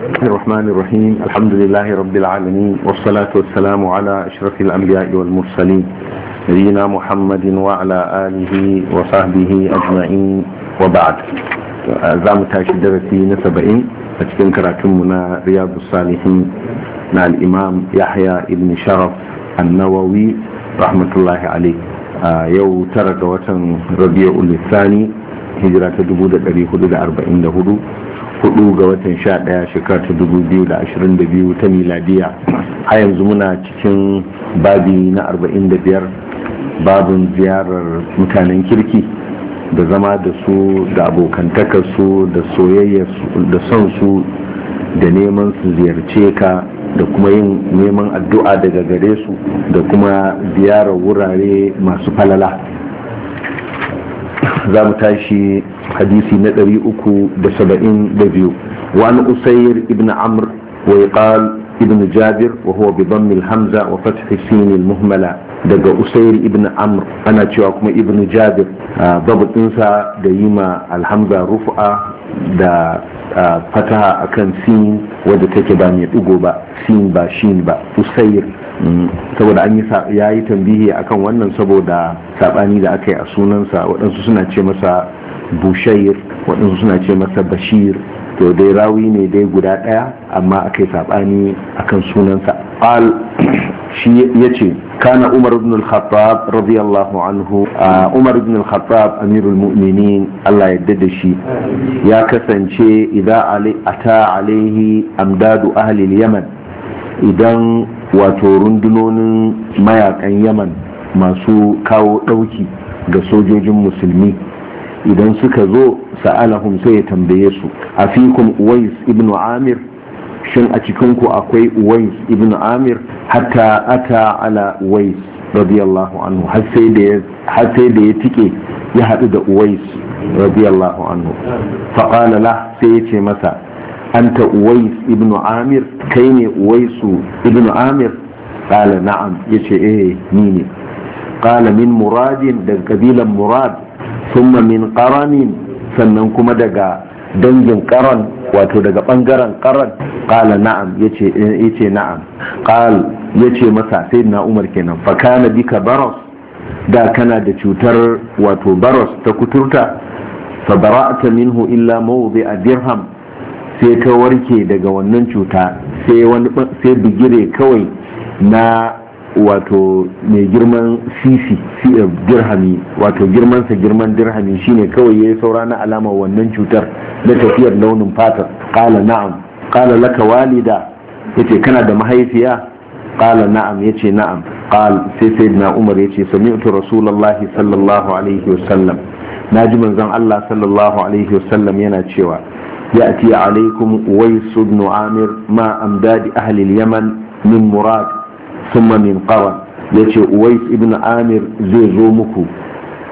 بسم الرحمن الرحيم الحمد لله رب العالمين والصلاة والسلام على أشرف الأنبياء والمرسلين نبينا محمد وعلى آله وصحبه أجمعين وبعد زعم تاشد في نسبئين أتكن كراتمنا رياض الصالحين مع الإمام يحيى بن شرف النووي رحمة الله عليه يو ترى ربيع الثاني هجرة دبودة 444 hudu ga watan sha daya shekara ta dubu biyu da ashirin da biyu ta miladiya a yanzu muna cikin babi na arba'in da biyar babin ziyarar mutanen kirki da zama da su da abokantakarsu da soyayya da son su da neman su ziyarce ka da kuma yin neman addu'a daga gare su da kuma ziyarar wurare masu falala za mu tashi hadisi na ɗari uku da saba'in da biyu wa'an usayir ibn amr wa ibn jabir wa huwa bi hamza wa fathi sin al daga usayir ibn amr ana cewa kuma ibn jabir babatinsa da yi ma alhamza rufa da fataha akan sin wadda take ba mai dugo ba sin ba shin ba usayir saboda an ya yi tambihi akan wannan saboda sabani da aka yi a sunansa waɗansu suna ce masa bushair waɗansu suna ce masa bashir to dai rawi ne dai guda ɗaya amma aka yi sabani akan sunansa al shi ya ce kana umar ibn al-khattab radiyallahu anhu umar ibn al-khattab amirul mu'minin Allah yadda da shi ya kasance idan ata alaihi amdadu ahli yaman idan wato rundunonin mayakan yaman masu kawo ɗauki ga sojojin musulmi idan suka zo sa'alahum sai ya tambaye su a fikun uwais ibn amir shin a cikinku akwai uwais ibn amir hatta ata ala uwais radiyallahu anhu har sai da ya tike ya haɗu da uwais radiyallahu anhu faƙala la sai ya ce masa anta uwais ibn amir kai ne uwaisu ibn amir kala na'am yace eh ni ne kala min muradin daga kabilan murad thumma min qaranin sannan kuma daga dangin karan wato daga bangaren karan kala na'am yace eh, yace na'am qal yace masa sai na umar kenan fa kana bika baros da kana da cutar wato baros ta kuturta fa bara'ta minhu illa mawdi'a dirham sai ka warke daga wannan cuta sai bigire kawai na wato mai girman sisi eh, dirhami wato girmansa girman dirhami shine kawai ya yi saura na alamar wannan cutar na tafiyar launin fatar kala na'am kala laka walida ya ce kana da mahaifiya kala na'am ya ce na'am kala sai sai na umar ya ce sami'tu rasulallahi sallallahu alaihi wasallam na ji manzon allah sallallahu alaihi wasallam yana cewa يأتي عليكم ويس بن عامر مع أمداد أهل اليمن من مراد ثم من قرن يأتي ويس بن عامر زي زومكو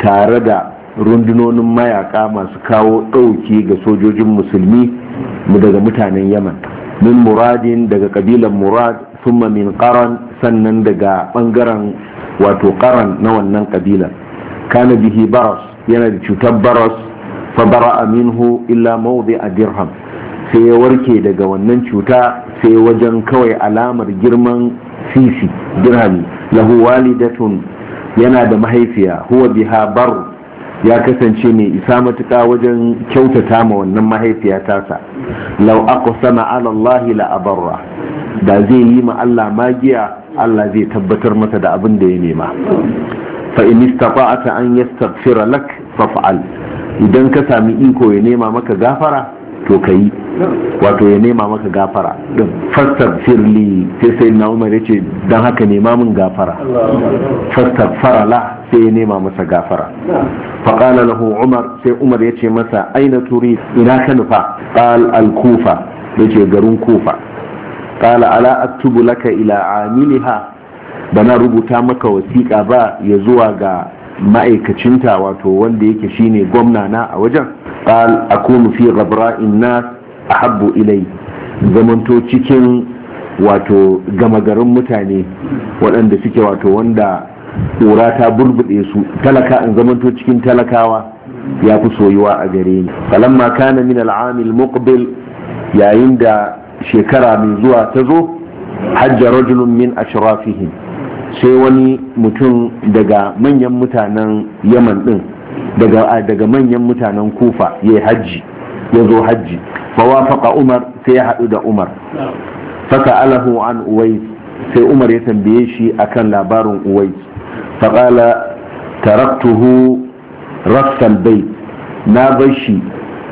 تاردا rundunonin mayaka masu kawo ɗauki ga sojojin musulmi daga mutanen yaman min muradin daga kabilan murad summa min karan sannan daga ɓangaren wato ƙaran na wannan kabilan kana bihi yana da cutar baras fabara minhu illa mawdi a dirham sai ya warke daga wannan cuta sai wajen kawai alamar girman sisi dirhami lahu walidatun yana da mahaifiya huwa biha bar ya kasance mai isa matuƙa wajen kyautata ma wannan mahaifiya tasa lau aqsama ala Allah la da zai yi ma Allah magiya Allah zai tabbatar masa da abin da ya nema fa in istata'ata an yastaghfira lak faf'al idan ka sami iko ya nema maka gafara to ka yi wato ya nema maka gafara din fastar firli sai sai na umar ya ce don haka nema min gafara fastar farala sai ya nema masa gafara faƙala lahu umar sai umar ya ce masa aina turi ina ka nufa ƙal al-kufa ya ce garin kufa ƙala ala aktubu laka ila amiliha bana rubuta maka wasiƙa ba ya zuwa ga ma'aikacinta wato wanda yake shine gwamna na a wajen qal akunu fi ghabra'in nas ahabbu ilai zamanto cikin wato gama garin mutane waɗanda suke wato wanda ƙura ta burbuɗe su talaka in zamanto cikin talakawa ya fi soyuwa a gare ni falamma kana min al'amil muqbil yayin da shekara mai zuwa ta zo hajja rajulun min ashrafihim sai wani mutum daga manyan mutanen yaman din daga daga manyan mutanen kufa ya yi hajji ya zo hajji fawafaqa umar sai ya haɗu da umar faka alahu an uwai, sai umar ya tambaye shi akan labarin uwai. faƙala taraktuhu rassal bai na bashi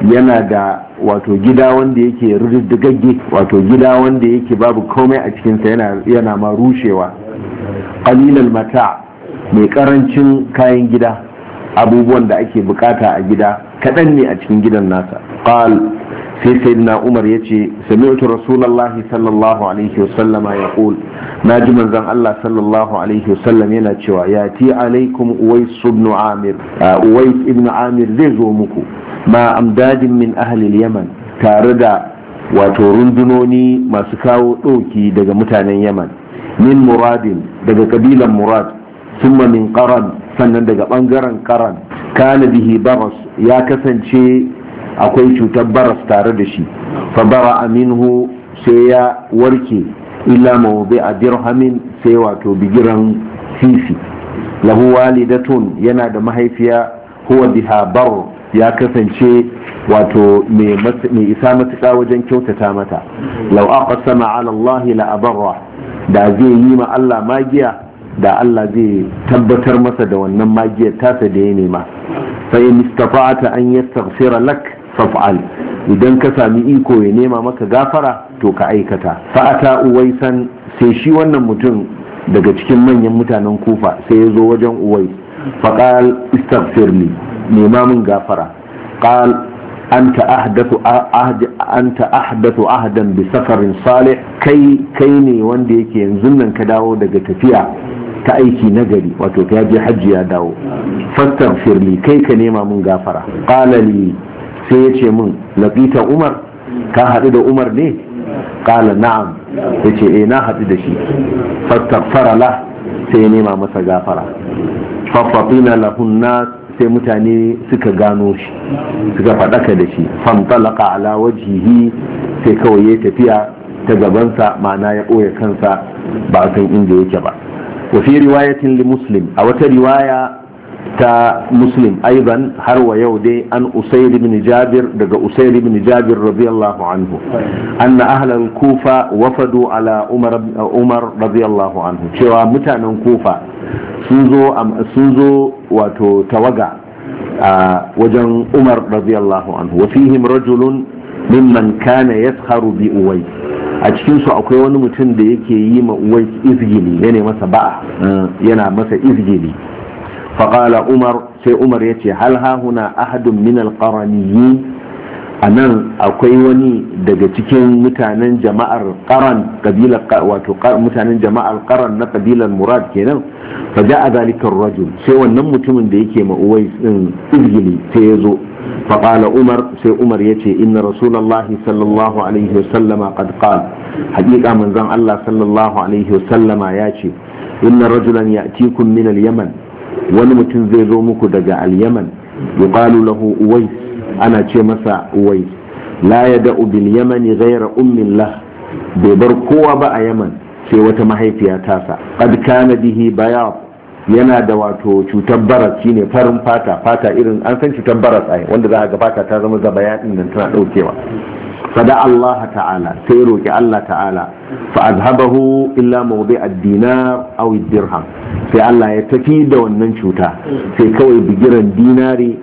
yana da wato gida wanda yake rududdigagge wato gida wanda yake babu komai a cikinsa yana ma rushewa qalilal mata mai ƙarancin kayan gida abubuwan da ake bukata a gida kaɗan ne a cikin gidan nasa qal sai sayyidina umar ya ce sami'tu rasulallahi sallallahu alaihi wasallama ya qul na ji manzon Allah sallallahu alaihi wasallam yana cewa ya ti alaikum uwais ibn amir amir zai zo muku ma amdadin min ahli yaman tare da wato rundunoni masu kawo ɗauki daga mutanen yaman min muradin daga kabilan murad summa min qaran sannan daga bangaren qaran kana bihi baras ya kasance akwai cutar baras tare da shi fa bara aminhu sai ya warke illa mawubi a dirhamin sai wato bigiran sisi lahu walidatun yana da mahaifiya huwa biha bar ya kasance wato mai isa matuƙa wajen kyautata mata lau aqsama ala Allah da zai yi ma Allah magiya da Allah zai tabbatar masa da wannan magiyar tasa da ya nema fa in istafa'ata an yastaghfira lak faf'al idan ka sami iko ya nema maka gafara to ka aikata ata uwaisan sai shi wannan mutum daga cikin manyan mutanen kufa sai ya zo wajen uwais qal istaghfirni nema min gafara qal anta ahdathu ahd anta ahdathu ahdan bi safarin salih kai kai ne wanda yake yanzu nan ka dawo daga tafiya ta aiki na gari wato ka je hajji ya dawo fatan firli kai ka nema mun gafara qala li sai ya ce mun laqita umar ka hadu da umar ne qala na'am yace eh na hadu da shi fatan farala sai ya nema masa gafara fa fatina lahun nas sai mutane suka gano shi suka faɗaka da shi famtalaka ala wajihi sai kawai ya tafiya ta gabansa ma'ana ya ɓoye kansa ba a san inda yake ba wa fi riwayatin li muslim a wata riwaya ta muslim aiban har wa yau dai an usair ibn jabir daga usair ibn jabir radiyallahu anhu anna ahlal kufa wafadu ala umar uh, umar radiyallahu anhu cewa mutanen kufa sun zo sun zo wato tawaga a uh, wajen umar radiyallahu anhu wa fihim rajulun mimman kana yaskharu bi uwai a cikinsu akwai wani mutum da yake yi ma uwai izgili yana masa ba'a uh, yana masa izgili faƙala umar sai umar yace ce hal hahuna ahadin min alƙaraniyi a nan akwai wani daga cikin mutanen jama'ar ƙaran ƙabilar wato mutanen jama'ar ƙaran na ƙabilar murad kenan fa a zalikar rajul sai wannan mutumin da yake ma'uwai din izgili sai ya zo faƙala umar sai umar yace ce inna rasulallahi sallallahu alaihi wasallama qad qal haƙiƙa manzon allah sallallahu alaihi wasallama ya ce inna rajulan ya'tikum min al-yaman wani mutum zai zo muku daga al-yaman yuqalu lahu uwais ana ce masa uwai. la yada'u bil yamani ghayra ummin lah bai bar kowa ba a yaman sai wata mahaifiya sa. qad kana bihi bayad yana da wato cutar baras shine farin fata fata irin an san cutar baras ai wanda za a ga fata ta zama zabayaɗin nan tana daukewa fada Allah ta'ala sai roki Allah ta'ala fa azhabahu illa mawdi ad-dinar aw dirham sai Allah ya tafi da wannan cuta sai kawai bigiran dinari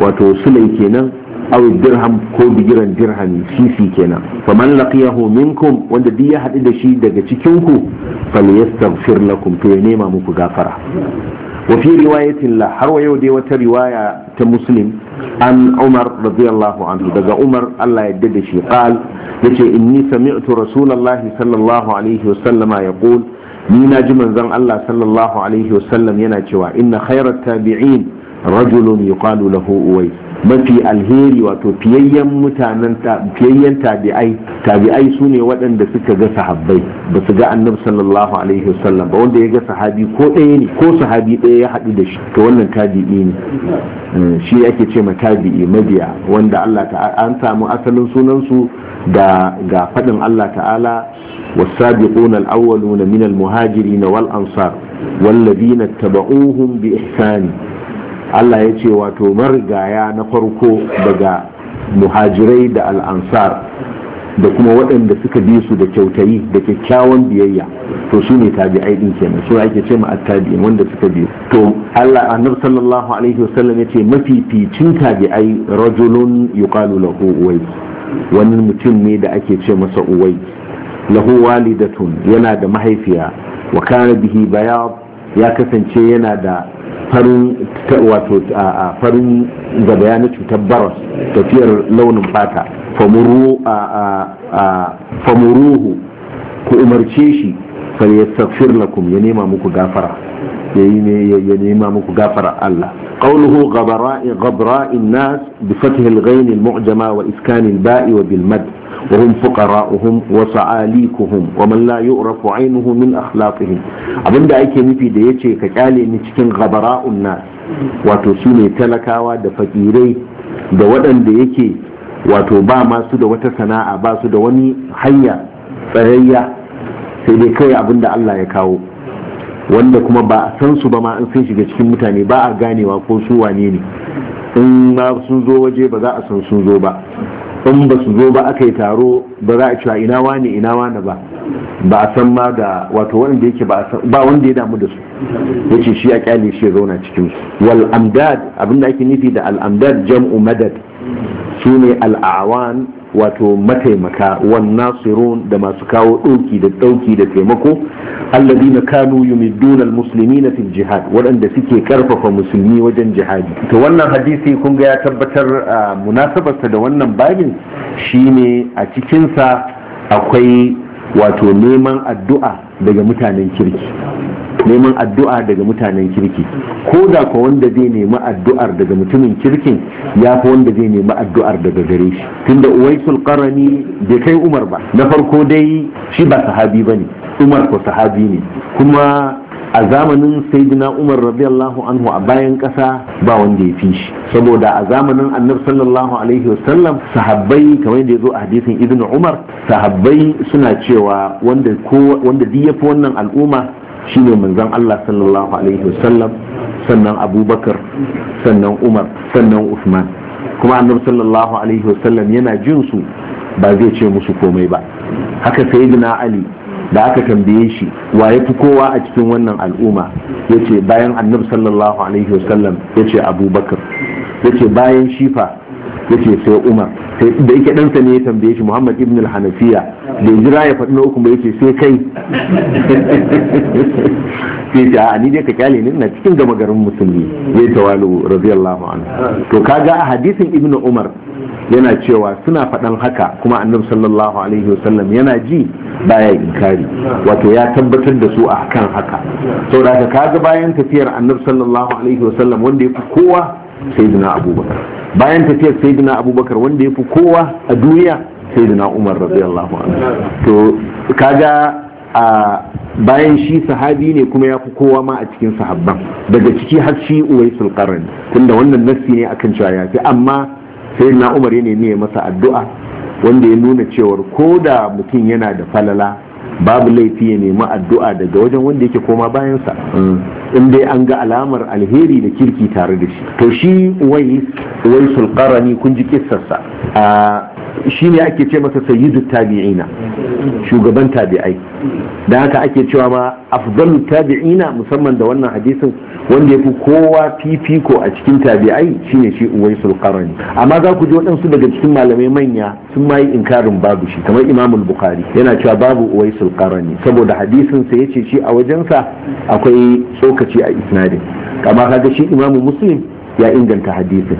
wato sulai kenan aw dirham ko bigiran dirhami sisi kenan faman laqiyahu minkum wanda duk ya hadu da shi daga cikin ku falyastaghfir lakum to ya nema muku gafara wa fi riwayatin la har wa yau dai wata riwaya ta muslim an umar radiyallahu anhu daga umar Allah ya dade shi qal yace inni sami'tu rasulullahi sallallahu alaihi wasallama yaqul ni na ji manzon Allah sallallahu yana cewa inna khairat tabi'in rajulun yuqalu lahu uwais mafi alheri wato fiyayyen mutanen fiyayyen tabi'ai tabi'ai su ne waɗanda suka ga sahabbai ba su ga annabi sallallahu alaihi wasallam ba wanda ya ga sahabi ko ɗaya ne ko sahabi ɗaya ya haɗu da shi to wannan tabi'i ne eh, shi ake ce ma tabi'i mabiya wanda Allah ta'ala an samu asalin sunansu da ga faɗin Allah ta'ala والسابقون الأولون من المهاجرين والأنصار والذين اتبعوهم بإحسان Allah ya ce wato marigaya na farko daga muhajirai da al'ansar da kuma waɗanda suka bi su da kyautayi da kyakkyawan biyayya to su ne tabi'ai din kenan su ake ce ma wanda suka bi to Allah annab sallallahu alaihi wasallam ficin mafificin tabi'ai rajulun yuqalu lahu uwai wani mutum ne da ake ce masa uwai lahu walidatun yana da mahaifiya wa kana bihi bayad ya kasance yana da farin wato a farin gabaya na cutar baros tafiyar launin fata famuruhu ku umarce shi falyastaghfir lakum ya nema muku gafara yayi ne ya nema muku gafara Allah qawluhu ghabara'i nas bi fathi al-ghayn mujama wa iskan al-ba'i wa bil mad wa hum fuqara'uhum wa sa'alikuhum wa man la yu'rafu 'aynuhu min akhlaqihim ake nufi da ya ce ka kyale ni cikin ghabara'un nas wato su ne talakawa da fakirai da waɗanda yake wato ba masu da wata sana'a ba su da wani hanya tsayayya sai dai kawai abin da Allah ya kawo wanda kuma ba a san su ba ma an sun shiga cikin mutane ba a ganewa ko su wane ne in ma sun zo waje ba za a san sun zo ba in ba su zo ba aka yi taro ba za a cewa ina wane ina wane ba ba a san ma da wato wanda yake ba wanda ya damu da su yace shi a kyale shi ya zauna cikin su wal amdad abinda ake nufi da al amdad jam'u madad sune al awan wato mataimaka wan nasirun da masu kawo ɗauki da ɗauki da taimako alladina kanu yumidduna almuslimina fil jihad waɗanda suke karfafa musulmi wajen jihadi to wannan hadisi kun ga ya tabbatar munasabarsa da wannan babin shine a cikinsa akwai wato neman addu'a daga mutanen kirki neman addu'a daga mutanen kirki ko da ko wanda zai nemi addu'ar daga mutumin kirkin ya fi wanda zai nemi addu'ar daga gare shi tunda uwaisul qarani bai kai umar ba na farko dai shi ba sahabi bane umar ko sahabi ne kuma a zamanin sayyidina umar radiyallahu anhu a bayan kasa ba wanda ya fi shi saboda a zamanin annabi sallallahu alaihi wasallam sahabbai kamar yadda ya zo a hadisin ibn umar sahabbai suna cewa wanda ko wanda duk yafi wannan al'umma shine manzon Allah sallallahu alaihi wasallam sannan abubakar sannan umar sannan usman kuma annabi sallallahu alaihi wasallam yana jin su ba zai ce musu komai ba haka sayyidina ali da aka tambaye shi wa ya fi kowa a cikin wannan al'umma ya ce bayan annabi sallallahu alaihi wasallam ya ce abubakar ya ce bayan shifa yace sai umar sai da yake ɗansa ne ya tambaye shi muhammad ibn al-hanafiya da jira ya faɗi na uku ba yace sai kai sai ya a ni dai ka kyale ni ina cikin gama garin musulmi ya tawalu radiyallahu anhu to kaga a hadisin ibn umar yana cewa suna faɗan haka kuma annabi sallallahu alaihi wasallam yana ji baya inkari wato ya tabbatar da su a kan haka saboda kaga bayan tafiyar annabi sallallahu alaihi wasallam wanda ya fi kowa sayyidina abubakar bayan tafiyar sayyidina abubakar wanda ya fi kowa a duniya sayyidina umar radiyallahu anhu to kaga a bayan shi sahabi ne kuma ya fi kowa ma a cikin sahabban daga ciki har shi uwaisul qarin tunda wannan nassi ne akan cewa ya fi amma sayyidina umar ya nemi masa addu'a wanda ya nuna cewar ko da mutum yana da falala babu laifi ya nemi addu'a daga wajen wanda yake koma bayansa in dai an ga alamar alheri da kirki tare da shi to shi wai wai sulqarani kun ji kissarsa shi ne ake ce masa sayyidu tabi'ina shugaban tabi'ai da haka ake cewa ma afdal tabi'ina musamman da wannan hadisin wanda ya fi kowa fifiko a cikin tabi'ai shine shi uwaisul sulqarani amma za ku ji waɗansu daga cikin malamai manya sun ma yi inkarin babu shi kamar imamul bukhari yana cewa babu uwaisul alqarani saboda hadisin sa yace shi a wajensa akwai tsokaci a isnadin kama kaga shi imamu muslim ya inganta hadisin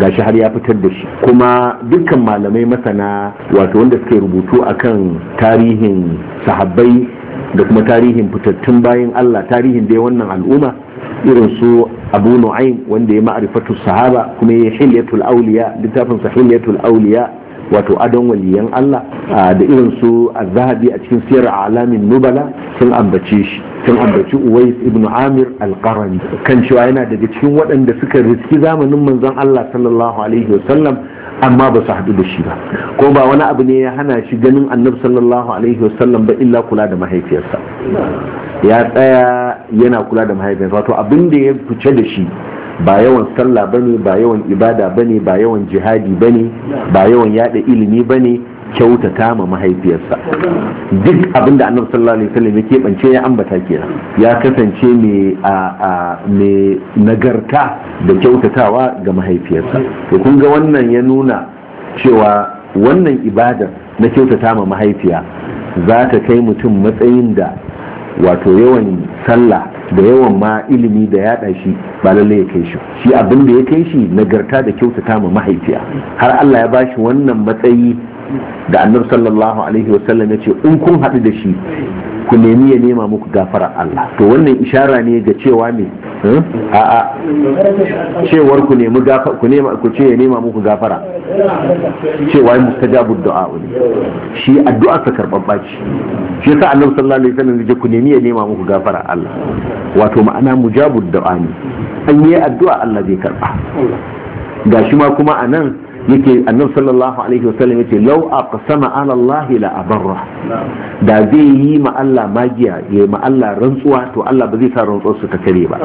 gashi har ya fitar da shi kuma dukkan malamai masana wato wanda suke rubutu akan tarihin sahabbai da kuma tarihin fitattun bayan Allah tarihin dai wannan al'umma irin su Abu Nu'aym wanda ya ma'arifatu sahaba kuma ya hilyatul auliya littafin sa hilyatul auliya wato adon waliyan Allah da irin su az a cikin siyar alamin nubala sun ambace shi sun ambaci Uwais ibn Amir al-Qarni kan cewa yana daga cikin waɗanda suka riski zamanin manzon Allah sallallahu alaihi wasallam amma ba su haɗu da shi ba ko ba wani abu ne ya hana shi ganin annabi sallallahu alaihi wasallam ba illa kula da mahaifiyarsa ya tsaya yana kula da mahaifiyarsa wato abin da ya fice da shi ba yawan sallah bane ba yawan ibada bane ba yawan jihadi bane ba yawan yada ilimi bane kyautata ma mahaifiyarsa duk abinda annabi sallallahu alaihi wasallam ya bance ya ambata kenan ya kasance mai nagarta da kyautatawa ga mahaifiyarsa to kun ga wannan ya nuna cewa wannan ibada na kyautata ma mahaifiya za ta kai mutum matsayin da wato yawan sallah da yawan ma ilimi da yaɗa shi ba lalle ya kai shi shi abin da ya kai shi nagarta da kyautata ma mahaifiya har Allah ya bashi wannan matsayi da annabi sallallahu alaihi wasallam ya ce in kun haɗu da shi ku nemi ya nema muku gafara Allah to wannan ishara ne ga cewa me Hmm? a'a cewar ku nemi ku nema ku ce ya nema muku gafara cewa yin mustajabu du'a ne shi addu'a ta karbabba ce shi yasa annabi sallallahu alaihi wasallam ya ku nemi ya nema muku gafara Allah wato ma'ana mujabu du'a ne an yi addu'a Allah zai karba gashi ma kuma anan yake annab sallallahu alaihi wa sallam yace law aqsama ala Allah la abarra da zai yi ma Allah magiya ya ma Allah rantsuwa to Allah ba zai sa rantsuwar su ta kare ba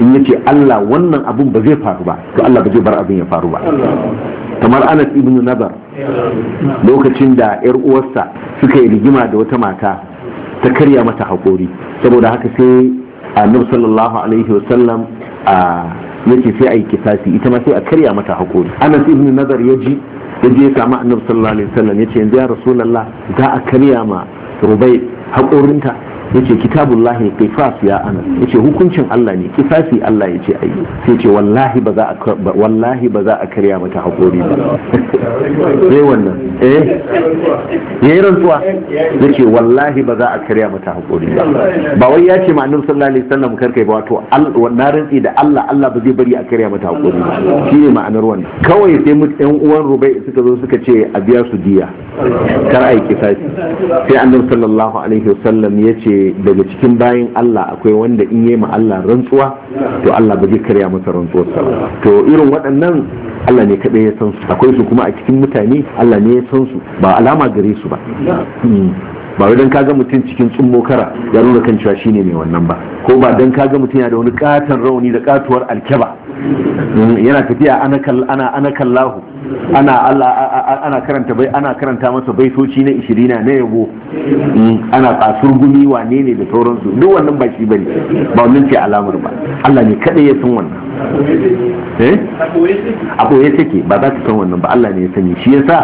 in yace Allah wannan abun ba zai faru ba to Allah ba zai bar abin ya faru ba kamar Anas ibn Nadar lokacin da yar uwarsa suka yi rigima da wata mata ta karya mata hakori saboda haka sai annab sallallahu alaihi sallam a yace sai a yi kisasi ita ma sai a karya mata hakori anas ibn nazar ya ya je ya samu annabi sallallahu alaihi wasallam yace yanzu ya rasulullah za a karya ma rubai hakorinta yace kitabullahi qifas ya anas yace hukuncin Allah ne qisasi Allah yace ayi sai yace wallahi ba za a wallahi ba za a karya mata hakuri ba sai wannan eh yayi rantsuwa yace wallahi ba za a karya mata hakuri ba ba wai yace ma annabi sallallahu alaihi wasallam karkai ba wato wannan rantsi da Allah Allah ba zai bari a karya mata hakuri ba shine ma'anar wannan kawai sai mu ɗan uwan rubai suka zo suka ce a biya su diya kar ai qisasi sai annabi sallallahu alaihi wasallam yace daga cikin bayan Allah akwai wanda in yi ma Allah rantsuwa to Allah ba zai karya masa rantsuwar to irin waɗannan Allah ne kaɗai ya san su akwai su kuma a cikin mutane Allah ne ya san su ba alama gare su ba hmm. ba wai don kaga mutum cikin tsummo kara ya nuna kan cewa shine mai wannan ba ko ba don kaga mutum yana da wani katon rauni da katuwar alkeba hmm. yana tafiya ana ana ana Allah ana karanta bai ana karanta masa baitoci na 20 na yabo mm, ana kasur gumi wane ne da sauransu duk wannan ba shi bane ba wannan ce alamar ba Allah ne kada ya san wannan eh a koye take ba za ka san wannan ba Allah ne ya sani shi yasa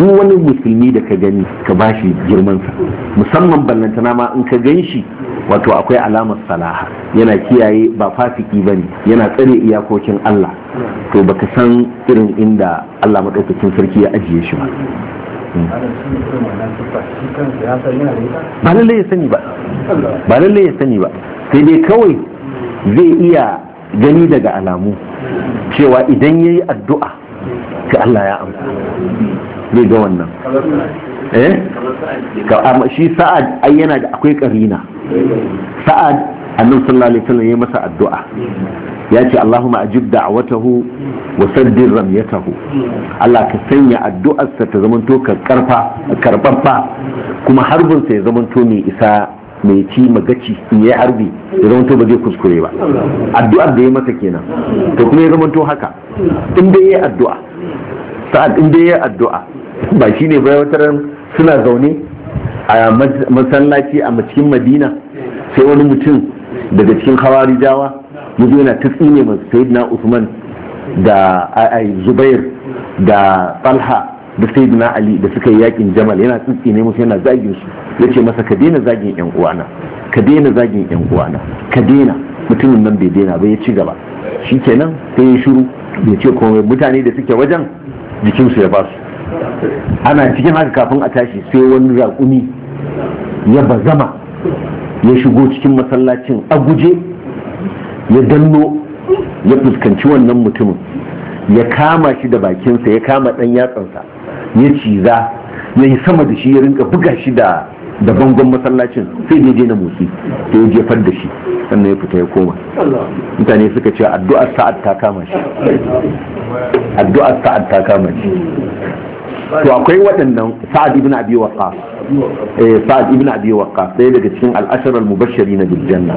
duk wani musulmi da ka gani ka bashi girman sa musamman ballantana ma in ka gan shi wato akwai alamar salaha yana kiyaye ba fasiki bane yana tsare iyakokin Allah to baka san irin inda Allah maɗaukacin sarki ya ajiye shi ba hmm. ba lallai ya sani ba ba lallai ya sani ba sai dai kawai zai iya gani daga alamu cewa idan ya yi addu'a ga Allah ya amsa zai ga wannan eh shi sa'ad ai yana da akwai karina sa'ad annabi sallallahu alaihi wasallam ya masa addu'a ya ce Allahumma ajib da'awatahu wa saddir ramyatahu Allah ka sanya addu'arsa ta zamanto ka karfa kuma harbin sa ya zamanto mai isa mai ci magaci in yayi harbi ya zamanto ba zai kuskure ba addu'ar da ya masa kenan to kuma ya zamanto haka in dai yayi addu'a sa'ad in dai yayi addu'a ba shine ba ran suna zaune a masallaci a cikin Madina sai wani mutum daga cikin rijawa. yanzu yana ta tsine masu sayyidina usman da zubair da talha da sayyidina ali da suka yi yakin jamal yana tsine musu yana zagin su ya ce masa ka daina zagin yan uwana ka daina zagin yan uwana ka daina mutumin nan bai daina ba ya ci gaba shi kenan sai ya shiru ya ce komai mutane da suke wajen jikinsu ya ba su ana cikin haka kafin a tashi sai wani raƙumi ya bazama ya shigo cikin masallacin a guje ya danno ya fuskanci wannan mutumin ya kama shi da bakinsa ya kama ɗan yatsansa ya ciza ya yi sama da shi ya rinka buga shi da da bangon masallacin sai da je na motsi da ya jefar da shi sannan ya fita ya koma mutane suka ce addu'ar sa'ad ta kama shi addu'ar sa'ad ta kama shi to akwai waɗannan sa'ad ibn abi waqqas eh sa'ad ibn abi waqqas sai daga cikin al-ashar al-mubashirin bil janna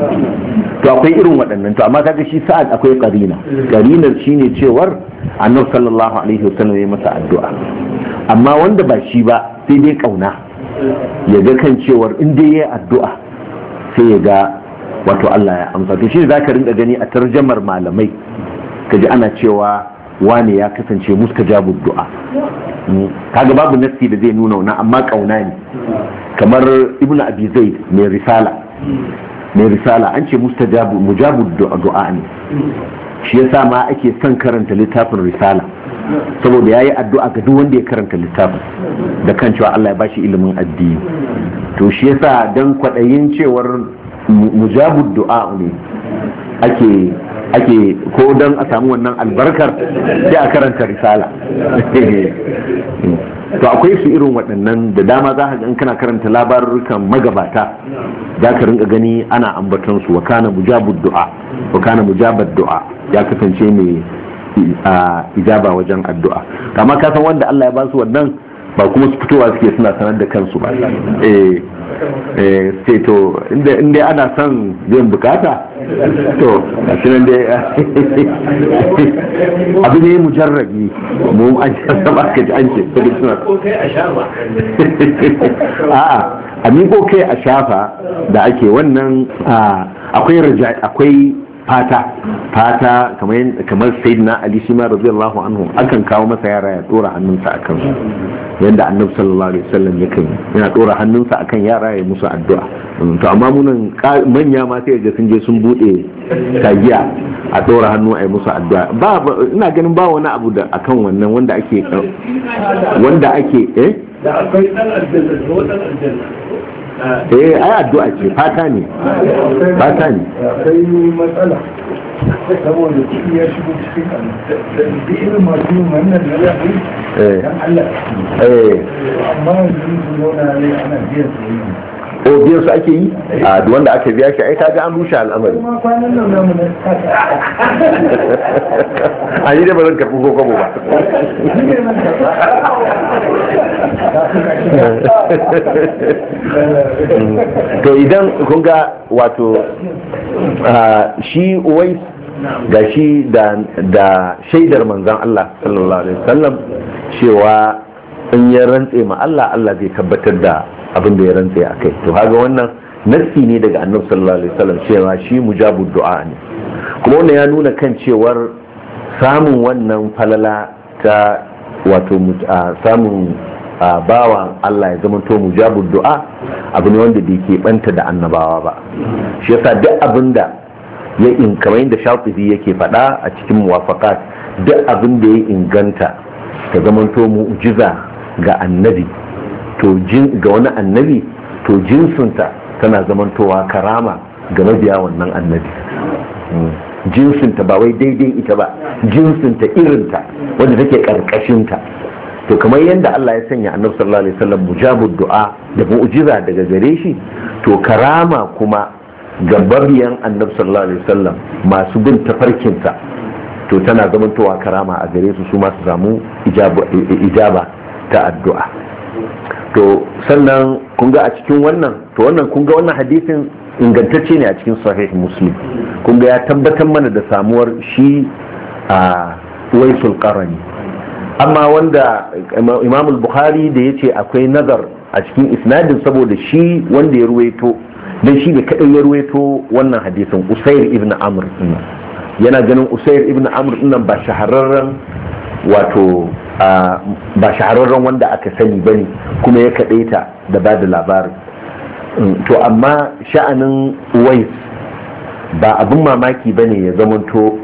to akwai irin waɗannan to amma kaga shi sa'ad akwai qarina qarina shine cewar annabi sallallahu alaihi wasallam ya masa addu'a amma wanda ba shi ba sai dai kauna ya ga kan cewar in dai yayi addu'a sai ya ga wato Allah ya amsa to shi zaka rinka gani a tarjamar malamai kaji ana cewa wane ya kasance muska jabu du'a kaga babu nassi da zai nuna wani amma kauna ne kamar ibn abi zaid mai risala mai risala an ce mustajabu mujabu du'a ne shi yasa ma ake son karanta littafin risala saboda yayi addu'a ga duk wanda ya karanta littafin da kan cewa Allah ya bashi ilimin addini to shi yasa dan kwadayin cewar mujabu du'a ne ake ake ko don a samu wannan albarkar sai a karanta risala to akwai su irin waɗannan da dama za ka in kana karanta labarukan magabata za ka rinka gani ana ambaton su wa mujabud du'a wakana du'a ya kasance mai ijaba wajen addu'a amma ka san wanda Allah ya ba su wannan ba kuma su fitowa suke suna sanar da kansu ba eh Eh, sai to inda ana son biyan bukata to a nan da abu ne mujarrabi mu an saba ka ji an ce a'a a a miko kai a shafa da ake wannan akwai fata fata kamar sayyidina ali shi ma radiyallahu anhu akan kawo masa yara ya dora hannunsa akan su yadda annabi sallallahu alaihi wasallam ya kai yana dora hannunsa akan yara ya musu addu'a to amma munan manya ma sai ga sun je sun bude tagiya a dora hannu a yi musu addu'a ba ina ganin ba wani abu da akan wannan wanda ake wanda ake eh da akwai dan aljanna aljanna eh ai addu'a ce fata ne fata ne sai matsala saboda ya shigo cikin da irin masu wannan da ya eh. dan Allah eh. amma yanzu ne ana biyan su ko biyan su ake yi a wanda aka biya shi ai kaga an rushe al'amari a yi da ba karfi karɓi ba to idan kun ga wato shi wai ga shi da shaidar manzan Allah sallallahu alaihi wasallam cewa in ya rantse ma Allah Allah zai tabbatar da abin da ya rantse a kai to haga wannan nassi ne daga annabi sallallahu alaihi wasallam cewa shi mujabud du'a ne kuma wannan ya nuna kan cewar samun wannan falala ta wato samun bawa Allah ya zama to mujabud du'a abu ne wanda da ke banta da annabawa ba shi yasa duk abin da ya in kamar yadda shafi yake faɗa a cikin muwafaqat duk abin da ya inganta ta zama to mu'jiza ga annabi to ga wani annabi to jinsunta tana zamantowa karama ga mabiya wannan annabi hmm. jinsinta ba wai daidai ita ba jinsinta irinta wanda take karkashinta to kamar yadda Allah ya sanya annabi sallallahu alaihi wasallam mujabud du'a da mu'jiza daga gare shi to karama kuma ga babiyan annabi sallallahu alaihi wasallam masu bin tafarkinsa to tana zamantowa karama a gare su su masu samu ijaba ta addu'a to sannan kun ga a cikin wannan to wannan kun ga wannan hadisin ingantacce ne a cikin sahih muslim kun ga ya tabbatar mana da samuwar shi a waisul qarani amma wanda imam bukhari da ya ce akwai nazar a cikin isnadin saboda shi wanda ya ruwaito dan shi ne kadai ya ruwaito wannan hadisin usair ibn amr yana ganin usair ibn amr nan ba shahararren wato ba shahararren wanda aka sani ba ne kuma ya ta da ba da labarin mm, to amma sha'anin wais ba abin mamaki ba ne ya zamanto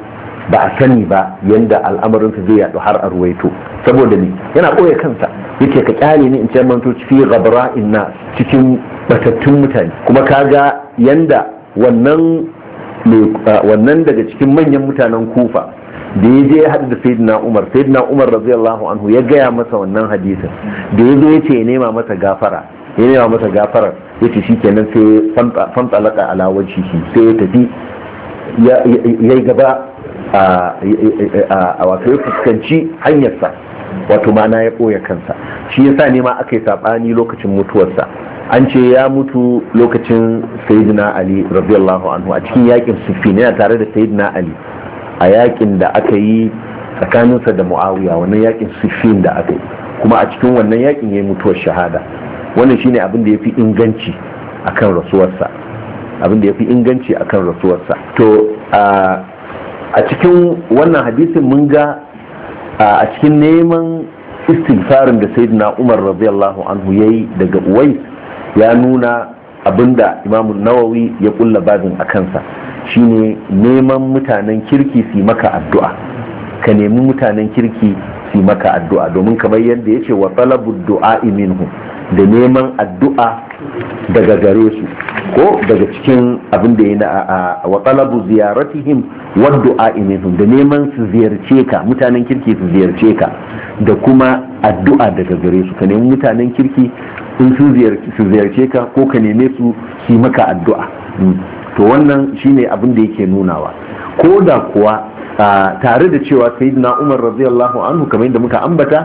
ba a sani ba yadda al'amarinsa zai yaɗu har a ruwaito saboda ne yana ɓoye kansa yake ka kyale ni in ce manto fi rabra inna cikin batattun mutane kuma kaga yanda wannan wannan daga cikin manyan mutanen kufa da ya je ya haɗu da sayyidina umar sayyidina umar radiyallahu anhu ya gaya masa wannan hadisin da ya zo ya ce ya nema masa gafara ya nema masa gafara ya ce shi kenan sai fantsalaka ala wajhi sai ya tafi ya yi gaba a wato ya fuskanci hanyarsa wato mana ya ɓoye kansa shi yasa sa nema aka yi saɓani lokacin mutuwarsa an ce ya mutu lokacin sayyidina ali radiyallahu anhu a cikin yakin sufi yana tare da sayyidina ali a yakin da aka yi tsakaninsa da muawiya wannan yakin siffin da aka yi kuma a cikin wannan yakin ya yi mutuwar shahada wannan shine abin da ya fi inganci a kan rasuwarsa abin da ya fi inganci a kan rasuwarsa to a cikin wannan hadisin mun ga a cikin neman istighfarin da sayyidina umar radiyallahu anhu yayi daga uwais ya nuna abinda imamun nawawi ya kulla babin a kansa shine neman mutanen kirki su maka addu'a ka nemi mutanen kirki su maka addu'a domin kamar yadda ya ce wa talabu du'a minhu da neman addu'a daga gare su ko daga cikin abin da yana a wa talabu ziyaratihim wa du'a minhum da neman su ziyarce ka mutanen kirki su ziyarce ka da kuma addu'a daga gare su ka nemi mutanen kirki in su ziyarce ka ko ka neme su su maka addu'a hmm. to wannan shine abin da yake nunawa ko da kuwa tare da cewa sayyidina umar radiyallahu anhu kamar yadda muka ambata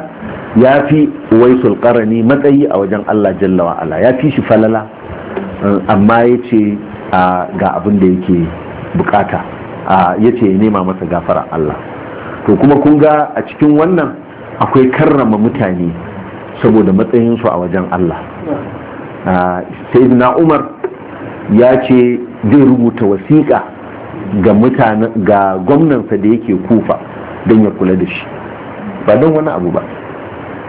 ya fi waisul qarani matsayi a wajen Allah jalla wa ala ya fi shi falala amma ya ce ga abin da yake bukata ya ce ya nema masa gafara Allah to kuma kun ga a cikin wannan akwai karrama mutane saboda matsayinsu a wajen Allah sayyidina umar ya ce zai rubuta wasiƙa ga mutane ga gwamnansa da yake kufa don ya kula da shi ba don wani abu ba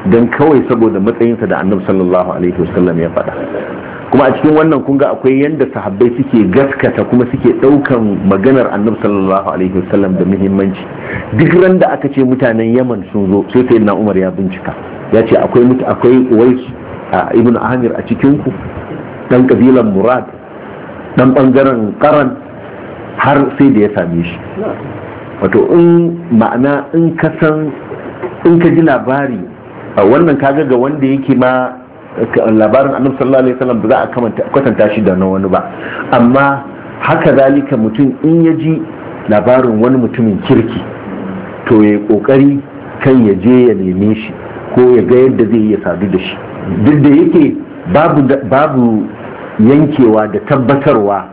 don kawai saboda matsayinsa da annabi sallallahu alaihi wasallam ya faɗa kuma a cikin wannan kun akwai yadda sahabbai suke gaskata kuma suke ɗaukan maganar annabi sallallahu alaihi wasallam da muhimmanci duk ran da aka ce mutanen yaman sun zo sai sai na umar ya bincika ya ce akwai akwai a ibnu amir a cikin ku dan kabilan murad dan bangaren karan har sai da ya same shi wato in ma'ana in ka san in ka ji labari wannan kaga ga wanda yake ma labarin annabi sallallahu alaihi wasallam ba za a kwatanta shi da na wani ba amma haka zalika mutum in ya ji labarin wani mutumin kirki to ya kokari kan ya je ya neme shi ko ya ga yadda zai iya sadu da shi duk da yake babu yankewa da tabbatarwa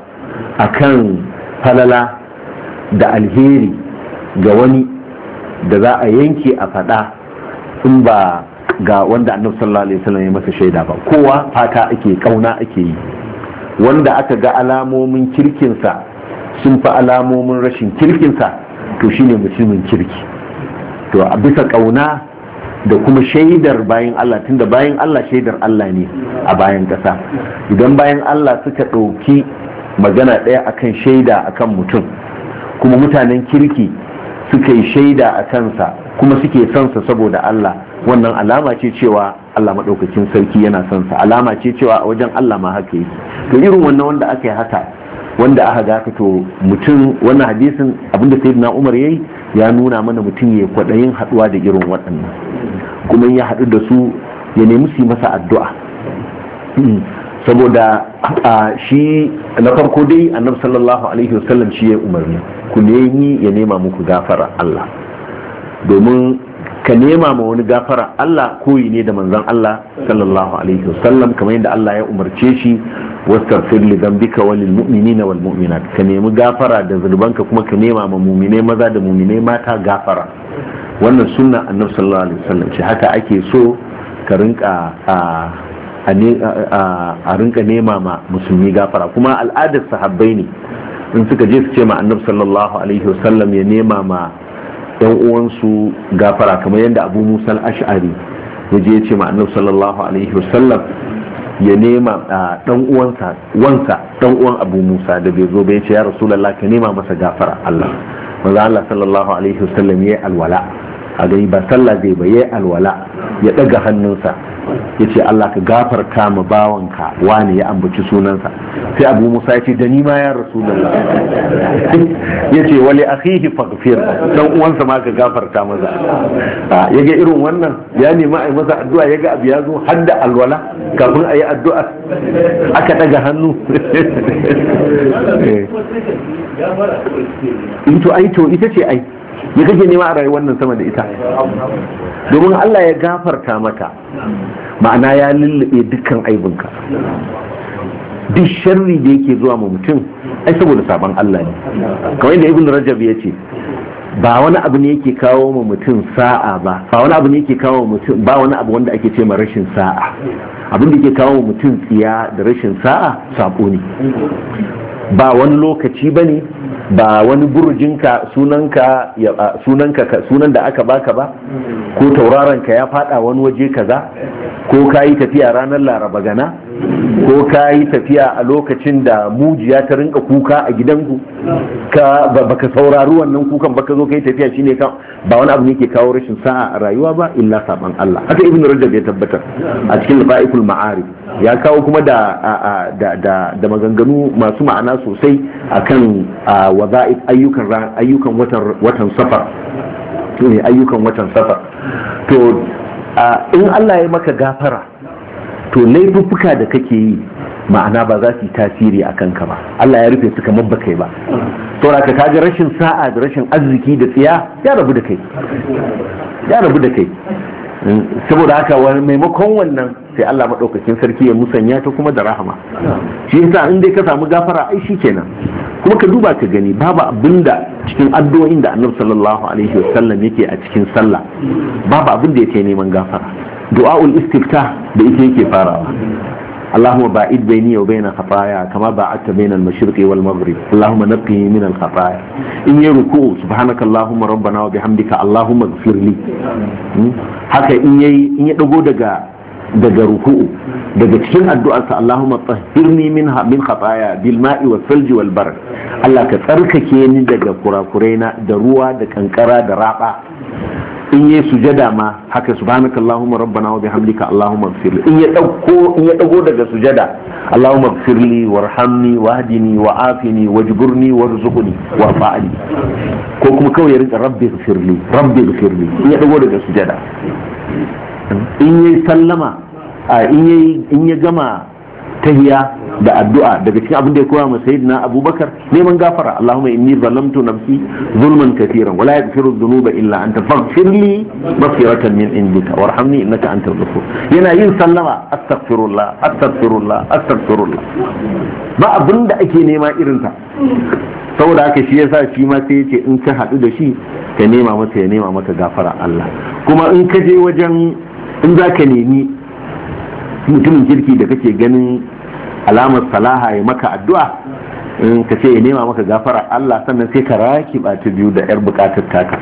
a kan falala da alheri ga wani da za a yanke a faɗa in ba ga wanda annabi sallallahu alaihi wasallam ya masa shaida ba kowa fata ake kauna ake yi wanda aka ga alamomin kirkinsa sun fi alamomin rashin kirkinsa to shine musulmin kirki to a bisa kauna da kuma shaidar bayan Allah tunda bayan Allah shaidar Allah ne a bayan ƙasa idan bayan Allah suka ɗauki magana ɗaya akan shaida akan mutum kuma mutanen kirki suka yi shaida a kansa kuma suke sansa saboda Allah wannan alama ce cewa Allah maɗaukakin sarki yana sansa alama ce cewa a wajen Allah ma haka yi to irin wannan wanda aka yi haka wanda aka ga to mutum wannan hadisin abinda sayyidina Umar yayi ya nuna mana mutum ya kwaɗayin haɗuwa da irin waɗannan kuma ya haɗu da su ya nemi su masa addu'a hmm. saboda shi na farko dai annabi sallallahu alaihi wasallam shi ya umarni ku nemi ya nema muku gafara Allah domin ka nema ma wani gafara Allah koyi ne da manzon Allah sallallahu alaihi wasallam kamar yadda Allah ya umarce shi wastaghfir li dhanbika lil mu'minina wal mu'minat ka nemi gafara da zurbanka kuma ka nema ma mu'mine maza da mu'mine mata gafara wannan sunna annabi sallallahu alaihi wasallam shi haka ake so ka rinka a rinka nema ma musulmi gafara kuma al'adar sahabbai ne in suka je su ce ma annabi sallallahu alaihi wasallam ya nema ma yan uwansu gafara kamar yadda abu musa ash'ari ya je ce ma annabi sallallahu alaihi wasallam ya nema dan uwansa wansa dan uwan abu musa da bai zo ba ya ce ya rasulullah ka nema masa gafara allah manzo allah sallallahu alaihi wasallam ya alwala a gani ba sallah zai ba ya alwala ya ɗaga hannunsa ya ce Allah ka gafar kama bawanka wani ya ambaci sunansa sai abu musa ya ce da nima ya rasu da ya ce wale akhihi fagfir dan uwansa ma ka gafarta maza ya ga irin wannan ya nemi a yi masa addu'a ya ga abu ya zo har da alwala kafin a yi addu'a aka daga hannu ita ce ai me kake nema a rayuwar nan sama da ita domin Allah ya gafarta maka ma'ana ya lullube dukkan aibinka duk sharri da yake zuwa ma mutum ai saboda sabon Allah ne kamar yadda ibn rajab ya ce ba wani abu ne yake kawo ma mutum sa'a ba ba wani abu ne yake kawo mutum ba wani abu wanda ake ce ma rashin sa'a abin da yake kawo mutum tsiya da rashin sa'a sabo ne ba wani lokaci ba ne ba wani burjinka sunanka sunan da aka baka ba ko tauraron ka ya fada wani waje kaza ko ka yi tafiya ranar laraba gana ko ka yi tafiya a lokacin da mujiya ta rinka kuka a gidanku ka baka saurari wannan kukan baka zo ka yi tafiya shine ka ba wani abu ne ke kawo rashin sa'a a rayuwa ba illa saban Allah haka ibnu rajab ya tabbatar a cikin lafa'ikul ma'arif ya kawo kuma da da da maganganu masu ma'ana sosai akan waza'if ayyukan ayyukan watan watan safar ayyukan watan safar to in Allah ya maka gafara to laifuffuka da kake yi ma'ana ba za su yi tasiri a kanka ba Allah ya rufe su kamar ba kai ba saboda ka kaga rashin sa'a da rashin arziki da tsiya ya rabu da kai ya rabu da kai saboda haka maimakon wannan sai Allah maɗaukakin sarki ya musanya ta kuma da rahama shi yasa in dai ka samu gafara ai shi kenan kuma ka duba ka gani babu abinda cikin addu'o'in da annabi sallallahu alaihi wasallam yake a cikin sallah babu abinda yake neman gafara du'a'ul istifta da ita yake farawa اللهم باعد بيني وبين خطايا كما باعدت بين المشرق والمغرب اللهم نقني من الخطايا إن يركوع سبحانك اللهم ربنا وبحمدك اللهم اغفر لي haka in yayi in ya dago daga daga ruku'u daga cikin addu'arsa Allahumma tahhirni min min khataya bil ma'i wal salji wal barad Allah ka tsarkake ni daga kurakuraina da ruwa da kankara da raba in yi sujada ma haka subhanaka allahumma rabbana wa bihamdika allahumma ighfirli in ya dauko in ya dago daga sujada allahumma ighfirli warhamni wahdini wa'afini wajburni warzuqni warfa'ni ko kuma kawai ya rinka rabbi ighfirli rabbi ighfirli in ya dago daga sujada in yi sallama in ya gama tahiya da addu'a daga cikin abin da ya koya masa sayyidina abubakar neman gafara allahumma inni zalamtu nafsi zulman katiran wala yaghfiru dhunuba illa anta faghfir li maghfiratan min indika warhamni innaka antal ghafur yana yin sallama astaghfirullah astaghfirullah astaghfirullah ba abin da ake nema irin sa saboda haka shi yasa shi ma sai yace in ka hadu da shi ka nema masa ya nema maka gafara Allah kuma in ka je wajen in za ka nemi mutumin kirki da kake ganin alamar salaha ya maka addu'a in ka ce ya nema maka gafara Allah sannan sai ka raki ta biyu da yar bukatar taka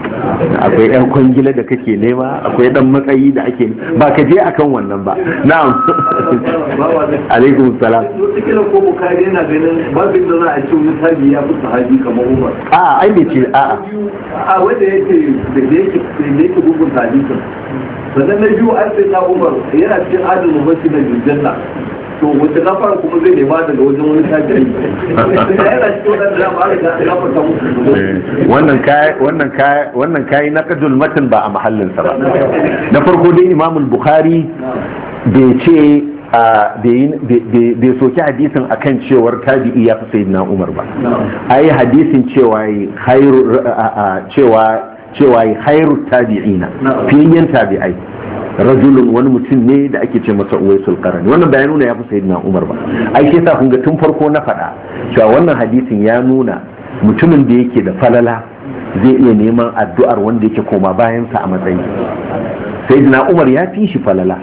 akwai yar kwangila da kake nema akwai dan matsayi da ake ba ka je akan wannan ba na'am alaikum salam kila ko bukari yana ganin babin da za a ce wani sabi ya fi sahabi kamar umar A'a, ai ne ce A'a. a wanda yake da yake da yake gugun hadisin sannan na biyu an sai na umar yana cikin adin umarci na aljanna to na fara kuma zai nema daga wajen wani tajiri yana cikin wadanda za mu da ta gafarta musu wannan kayi na kajul matan ba a mahallinsa ba na farko dai imamul bukhari bai ce bai soki hadisin kan cewar tabi'i ya fi sayyidina umar ba yi hadisin cewa cewa cewa yi khairu tabi'ina fiyayyen tabi'ai rajulun wani mutum ne da ake ce masa uwaisul qarani wannan bai nuna ya fi sayyidina umar ba ai ke sa kunga ga tun farko na faɗa cewa wannan hadisin ya nuna mutumin da yake da falala zai iya neman addu'ar wanda yake koma bayansa a matsayi sayyidina umar ya fi shi falala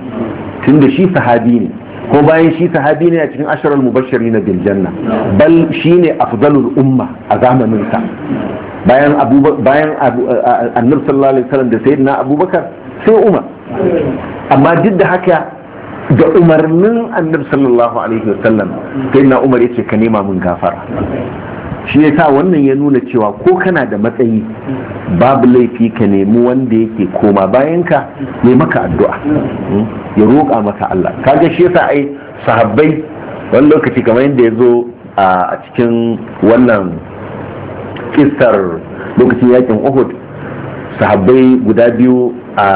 da shi sahabi ne ko bayan shi sahabi ne a cikin ashirar mubashiri na biljanna bal shi ne afdalul umma a zamaninsa bayan bayan annabi sallallahu alaihi wasallam da sayyidina abubakar sai umar amma duk da haka da umarnin annabi sallallahu alaihi wasallam sayyidina umar yace ka nema mun gafara shi yasa wannan ya nuna cewa ko kana da matsayi babu laifi ka nemi wanda yake koma bayan ka ne maka addu'a hmm, ya roƙa maka Allah kaga shi yasa ai sahabbai wani lokaci kamar yadda ya zo a cikin wannan kisar lokacin yakin uhud sahabbai guda biyu a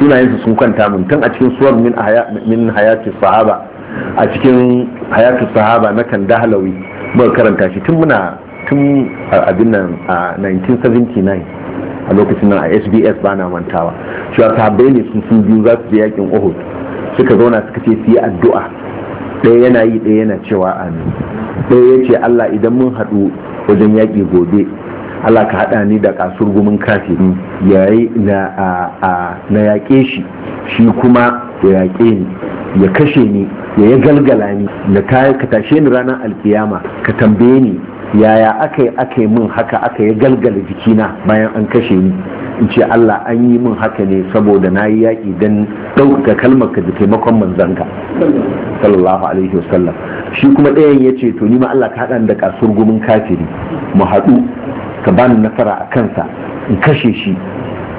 sunayensu sun kwanta mun tun a cikin suwar min hayatu sahaba a cikin hayatu sahaba na kan dahalawi muka karanta shi tun muna tun abin nan a 1979 a lokacin nan a sbs ba na mantawa cewa sahabbai ne sun sun biyu za su je yakin uhud suka zauna suka ce su yi addu'a ɗaya yana yi ɗaya yana cewa amin ɗaya ya ce Allah idan mun haɗu wajen yaƙi gobe Allah ka haɗa ni da kasurgumin kafiri yayi na yaƙe shi shi kuma ya yaƙe ni ya kashe ni ya ya galgala ni na ka tashe ni ranar alkiyama ka tambaye ni yaya aka yi aka yi min haka aka ya galgala jikina bayan an kashe ni in ce Allah an yi mun haka ne saboda na yi yaƙi don ɗaukaka kalmar ka da taimakon manzanka sallallahu alaihi wasallam shi kuma ɗayan ya ce to ni ma Allah ka haɗa da kasuwar gumin kafiri mu haɗu ka bani nasara a kansa in kashe shi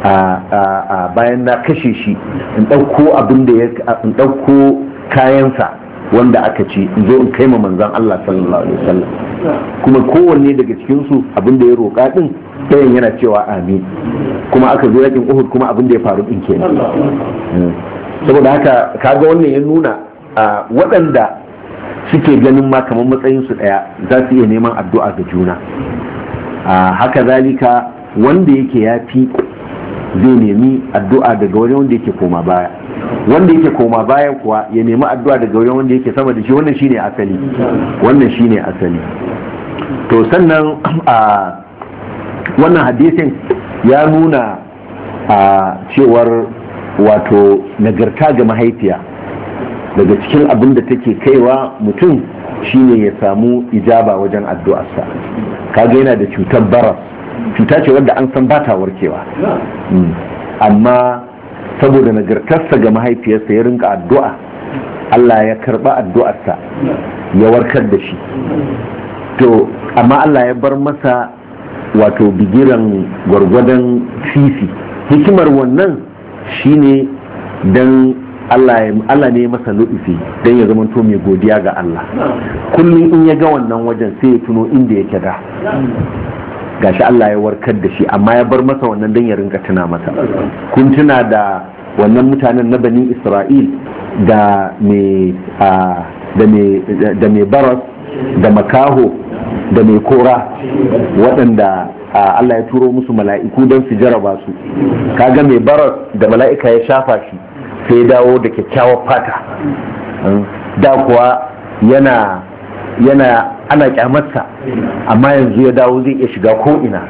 a bayan na kashe shi in ɗauko abin da ya in ɗauko kayansa wanda aka ce in zo in kai ma manzan Allah sallallahu alaihi wasallam kuma kowanne daga cikin su abin da ya roƙa din ɗayan yana cewa amin kuma aka zo yakin Uhud kuma abin da ya faru din kenan eh. saboda haka kaga wannan ya nuna waɗanda suke ganin ma kamar matsayinsu ɗaya za su iya neman addu'a ga juna haka zalika wanda yake ya fi zai nemi addu'a daga wajen wanda yake koma baya wanda yake koma baya kuwa ya nemi addu'a daga wajen wanda yake sama da shi wannan shine asali wannan shine asali to sannan a wannan hadisin ya nuna a cewar wato nagarta ga mahaifiya daga cikin abin da take kaiwa mutum shine ya samu ijaba wajen addu'arsa kaga yana da cutar baras cuta ce wadda an san bata warkewa hmm. amma saboda nagartarsa ga mahaifiyarsa ya rinka addu'a Allah ya karba addu'arsa ya warkar da shi to amma Allah ya bar masa wato bigiran gwargwadon fifi hikimar wannan shine don Allah ne masa lu'ufi dan ya zamanto mai godiya ga Allah kullum in ya ga wannan wajen sai ya tuno inda yake da gashi Allah ya warkar da shi amma ya bar masa wannan don ya ringa tuna masa kun tuna da wannan mutanen na banin Isra'il da mai baras da makaho da mai kora waɗanda Allah ya turo musu mala'iku don su jaraba su kaga mai baras da mala'ika ya shafa shi sai dawo da kyakkyawar fata da kuwa yana yana ana kyamarsa amma yanzu ya dawo zai iya shiga ko'ina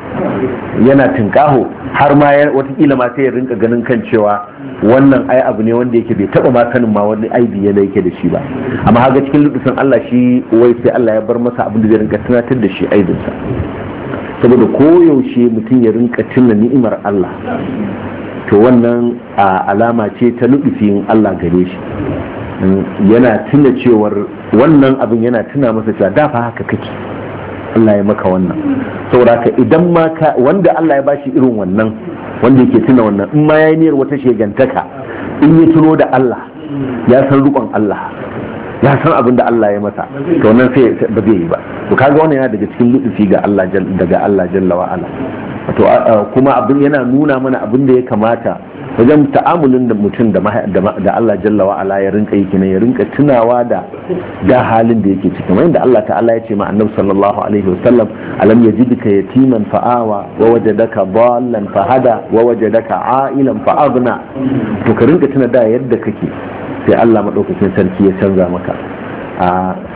yana tunƙaho. har ma watakila ma sai ya rinka ganin kan cewa wannan ai abu ne wanda yake bai taba ma sanin ma wani aibi yana yake da shi ba amma haga cikin lutusan Allah shi wai sai Allah ya bar masa abin da zai rinka tunatar da shi aibinsa saboda koyaushe mutum ya rinka tuna ni'imar Allah to wannan alama ce ta nufin Allah gare shi mm, yana tuna cewar wannan abin yana tuna masa cewa dafa haka kake Allah ya maka wannan sauraka idan ma wanda Allah ya bashi irin wannan wanda yake tuna wannan in ma ya yi niyyar wata shegantaka in ya tuno da Allah ya san rukon Allah ya san abin da Allah ya masa to nan sai ba zai yi ba to kaga wannan yana daga cikin lutsi ga Allah daga Allah jalla wa ala to kuma abin yana nuna mana abin da ya kamata wajen ta'amulin da mutum da Allah jalla wa ala ya rinka yi kenan ya rinka tunawa da da halin da yake cikin wanda Allah ta'ala ya ce ma annabi sallallahu alaihi wasallam alam yajidka yatiman fa'awa wa wajadaka dallan fahada wa wajadaka a'ilan fa'abna to ka rinka tuna da yadda kake sai Allah madaukakin sarki ya canza maka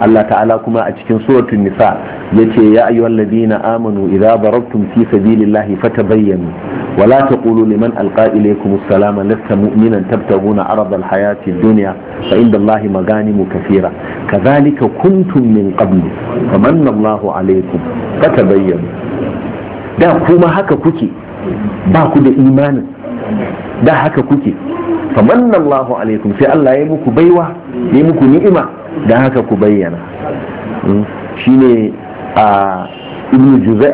Allah ta'ala kuma a cikin suratul nisa ce, ya ayyuhal ladina amanu idza darabtum fi sabilillahi fatabayyanu wala la taqulu liman alqa ilaykum assalama lasta mu'minan tabtaguna arada alhayati ad-dunya fa inda Allahi maganimu kathira kadhalika kuntum min qabl famanna Allahu alaykum fatabayyanu da kuma haka kuke ba ku da imanin da haka kuke famanna Allahu alaikum sai Allah ya muku baiwa ya muku ni'ima da haka ku bayyana hmm. shine a ibnu juzai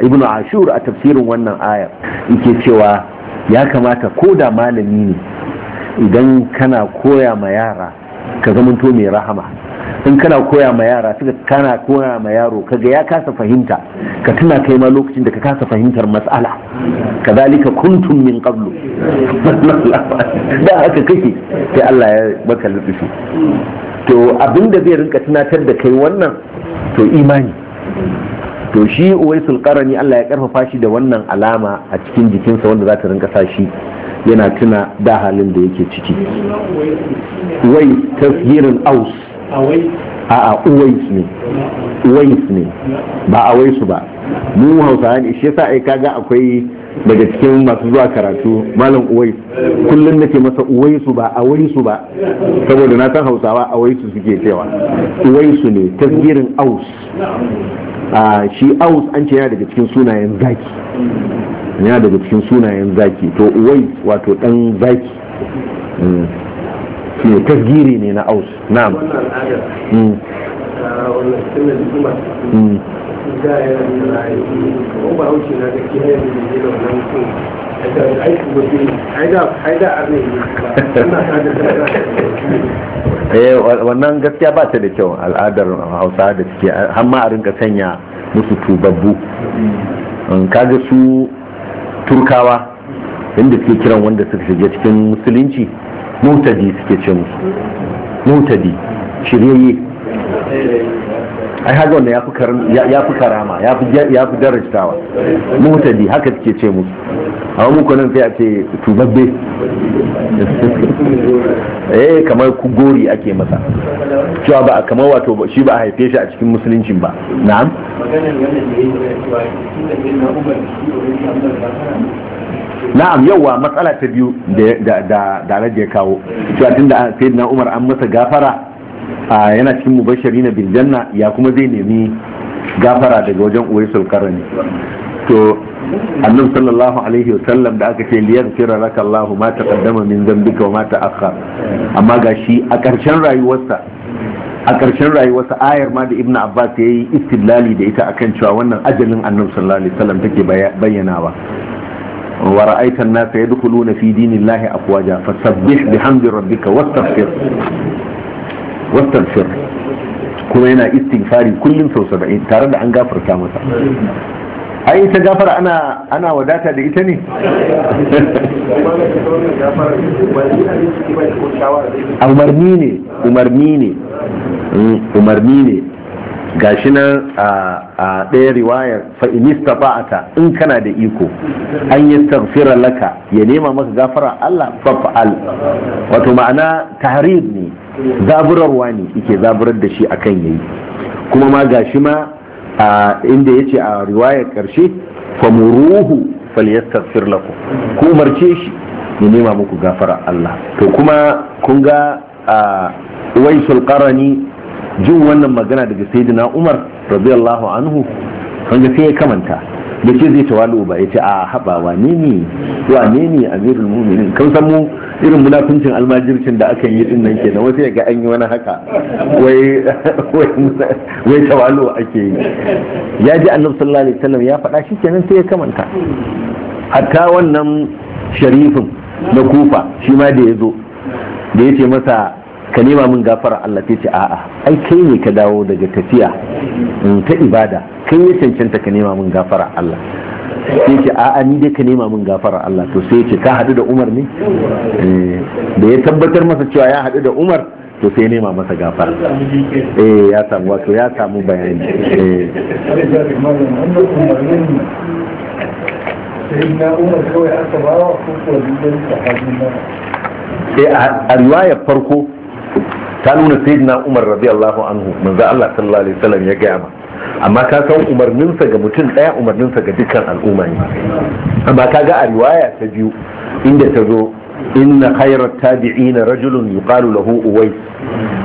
ibnu ashur a tafsirin wannan ayar yake cewa ya kamata ko da malami ne idan kana koya ma yara ka zama to mai rahama in kana koya ma yara suka kana koya ma yaro kaga ya kasa fahimta ka tuna kai ma lokacin da ka kasa fahimtar matsala kazalika kuntum min qablu da haka kake sai Allah ya baka lutufi to abinda zai rinka tunatar da kai wannan to imani to shi uwaisul qarani Allah ya karfafa shi da wannan alama a cikin jikinsa wanda za ta rinka sa shi yana tuna da halin da yake ciki wai tasgirin aus a'a uwais ne uwais ne ba a waisu ba mu hausawa ne shi yasa ai kaga akwai daga cikin masu zuwa karatu malam uwais kullum nake masa uwaisu ba a waisu ba saboda na san hausawa a waisu suke cewa uwaisu ne tasgirin aus a shi aus an ce yana daga cikin sunayen zaki yana daga cikin sunayen zaki to uwais wato dan zaki hmm. ne tasgiri ne na aus na'am hmm. Hmm. Eh, wannan gaskiya ba ta da kyau al'adar hausa da suke hamma a rinka sanya musu tubabbu kaga su turkawa inda suke kiran wanda suka shiga cikin musulunci mutadi suke ce musu mutadi shiryayye ai haka wanda ya fi karama ya fi darajtawa mutadi haka suke ce musu a wani kwanan sai a ce tubabbe eh kamar gori ake masa cewa ba kamar wato shi ba a haife shi a cikin musuluncin ba na'am na'am yawa matsala ta biyu da da ya kawo cewa tunda sayyidina Umar an masa gafara yana cikin mubashirina bil janna ya kuma zai nemi gafara daga wajen uwaisul karani to annabi sallallahu alaihi wa sallam da aka ce liyar kira raka Allah ma taqaddama min zambika wa ma ta'akhkhar amma gashi a ƙarshen rayuwarsa a ƙarshen rayuwarsa ayar ma da Ibn abbas ya yi istidlali da ita akan cewa wannan ajalin annabi sallallahu alaihi wa sallam take bayyanawa ورأيت الناس يدخلون في دين الله أفواجا فسبح بحمد ربك واستغفر واستغفر kuma yana istighfari kullum sau saba'in tare da an gafarta masa ai ita gafara ana wadata da ita umarni ne gashi nan a ɗaya riwayar fa'inista ba'ata in kana da iko an yi tafira laka ya nema maka gafara Allah fa'al wato ma'ana tahrir ne zaburarwa ne ike zaburar da shi akan yayi kuma ma gashi ma inda ya ce a riwayar ƙarshe famuruhu falyastaghfir firlako ku umarce shi ya nema muku gafara Allah to kuma kun ga waisul qarani jin wannan magana daga sayyidina umar radiyallahu anhu wanda sai ya kamanta da ce zai tawalu ba ya ce a haɓa wane ne wa ne ne amirul muminin kan san mu irin munafincin almajircin da akan yi din nan kenan wasu ya ga an yi wani haka wai wai tawalu ake yi ya ji annabi sallallahu alaihi wasallam ya faɗa shi kenan sai ya kamanta hatta wannan sharifin na kufa shi ma da ya zo da ya ce masa ka nema min gafara Allah sai ce a'a ai kai ne ka dawo daga tafiya mm, ta ibada kai ne cancanta ka nema min gafara Allah sai ce a'a ni dai ka nema min gafara Allah to sai ce ka hadu da Umar ne eh, da ya tabbatar masa cewa ya hadu da Umar to sai nema masa gafara eh ya samu wato ya samu bayani eh sai a riwayar farko ta nuna sayyidina umar radiyallahu anhu za Allah sallallahu alaihi wasallam ya gaya ma amma ka san umarninsa ga mutum daya umarninsa ga dukkan al'umma ne amma ka ga a riwaya ta biyu inda ta zo inna khayrat tabi'ina rajulun yuqalu lahu uwais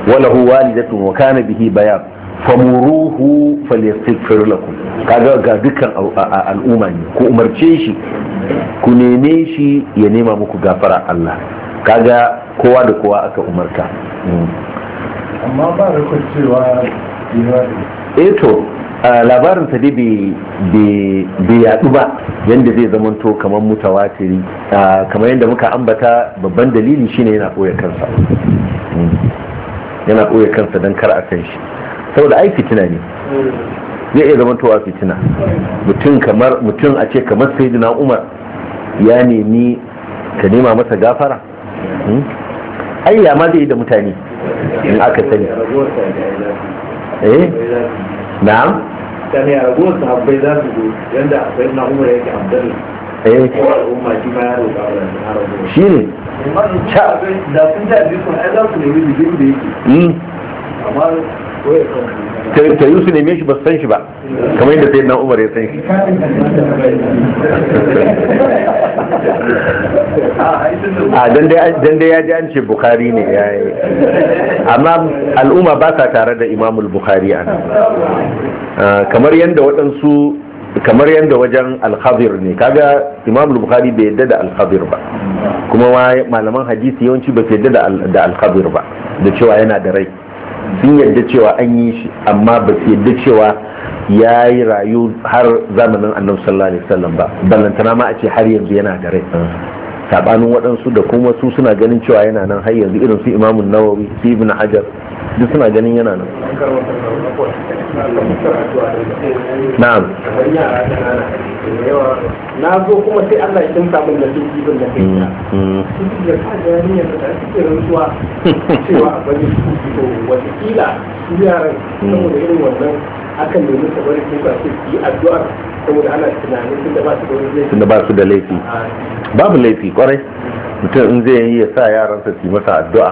wa lahu walidatu wa kana bihi bayan famuruhu falyastaghfir lakum kaga ga dukkan al'umma ne ku umarce shi ku neme shi ya nema muku gafara Allah kaga kowa da kowa aka umarta amma ba da cewa eto eh labarin sa dai bai yadu ba yadda zai to kamar mutawa tiri kamar yadda muka ambata babban dalili shine yana ɓoye kansa yana ɓoye kansa don kar a san shi saboda ai fitina ne zai iya zamantowa fitina mutum kamar mutum a ce kamar sayyidina umar ya nemi ka nema masa gafara hmm? ai ya ma zai yi da mutane in aka sani eh na'am sani a ragowar sahabbai za su zo yadda akwai na umar yake abdalla eh ko al'umma shi ma ya roƙa wa shi ne da sun ta biyu kun ai za su nemi da yake hmm. amma ta yi su neme shi ba san shi ba kamar yadda sai na umar ya san shi a dan dai ya ji an ce bukari ne ya yi amma al'umma ba sa tare da imamul bukari a nan kamar yadda waɗansu kamar yadda wajen alhazir ne kaga imamul bukari bai yadda da alhazir ba kuma malaman hadisi yawanci ba su yadda da alhazir ba da cewa yana da rai sun yadda cewa an yi shi amma ba su yadda cewa ya yi rayu har zamanin annabi sallallahu alaihi wasallam ba ballantana ma a ce har yanzu yana da rai sabanin waɗansu da kuma su suna ganin cewa yana nan har yanzu irin su imamun nawawi su ibn hajar duk suna ganin yana nan na'am na zo kuma sai Allah ya kinta mun da su ibn da kai da ka gani yanzu da suke rantsuwa cewa a bari su to wata kila su yaran saboda irin wannan akan nemi ta bari ba su yi addu'a saboda ana tunanin tun da ba su da wani laifi ba su da laifi babu laifi kwarai mutum in zai yi ya sa yaransa su yi masa addu'a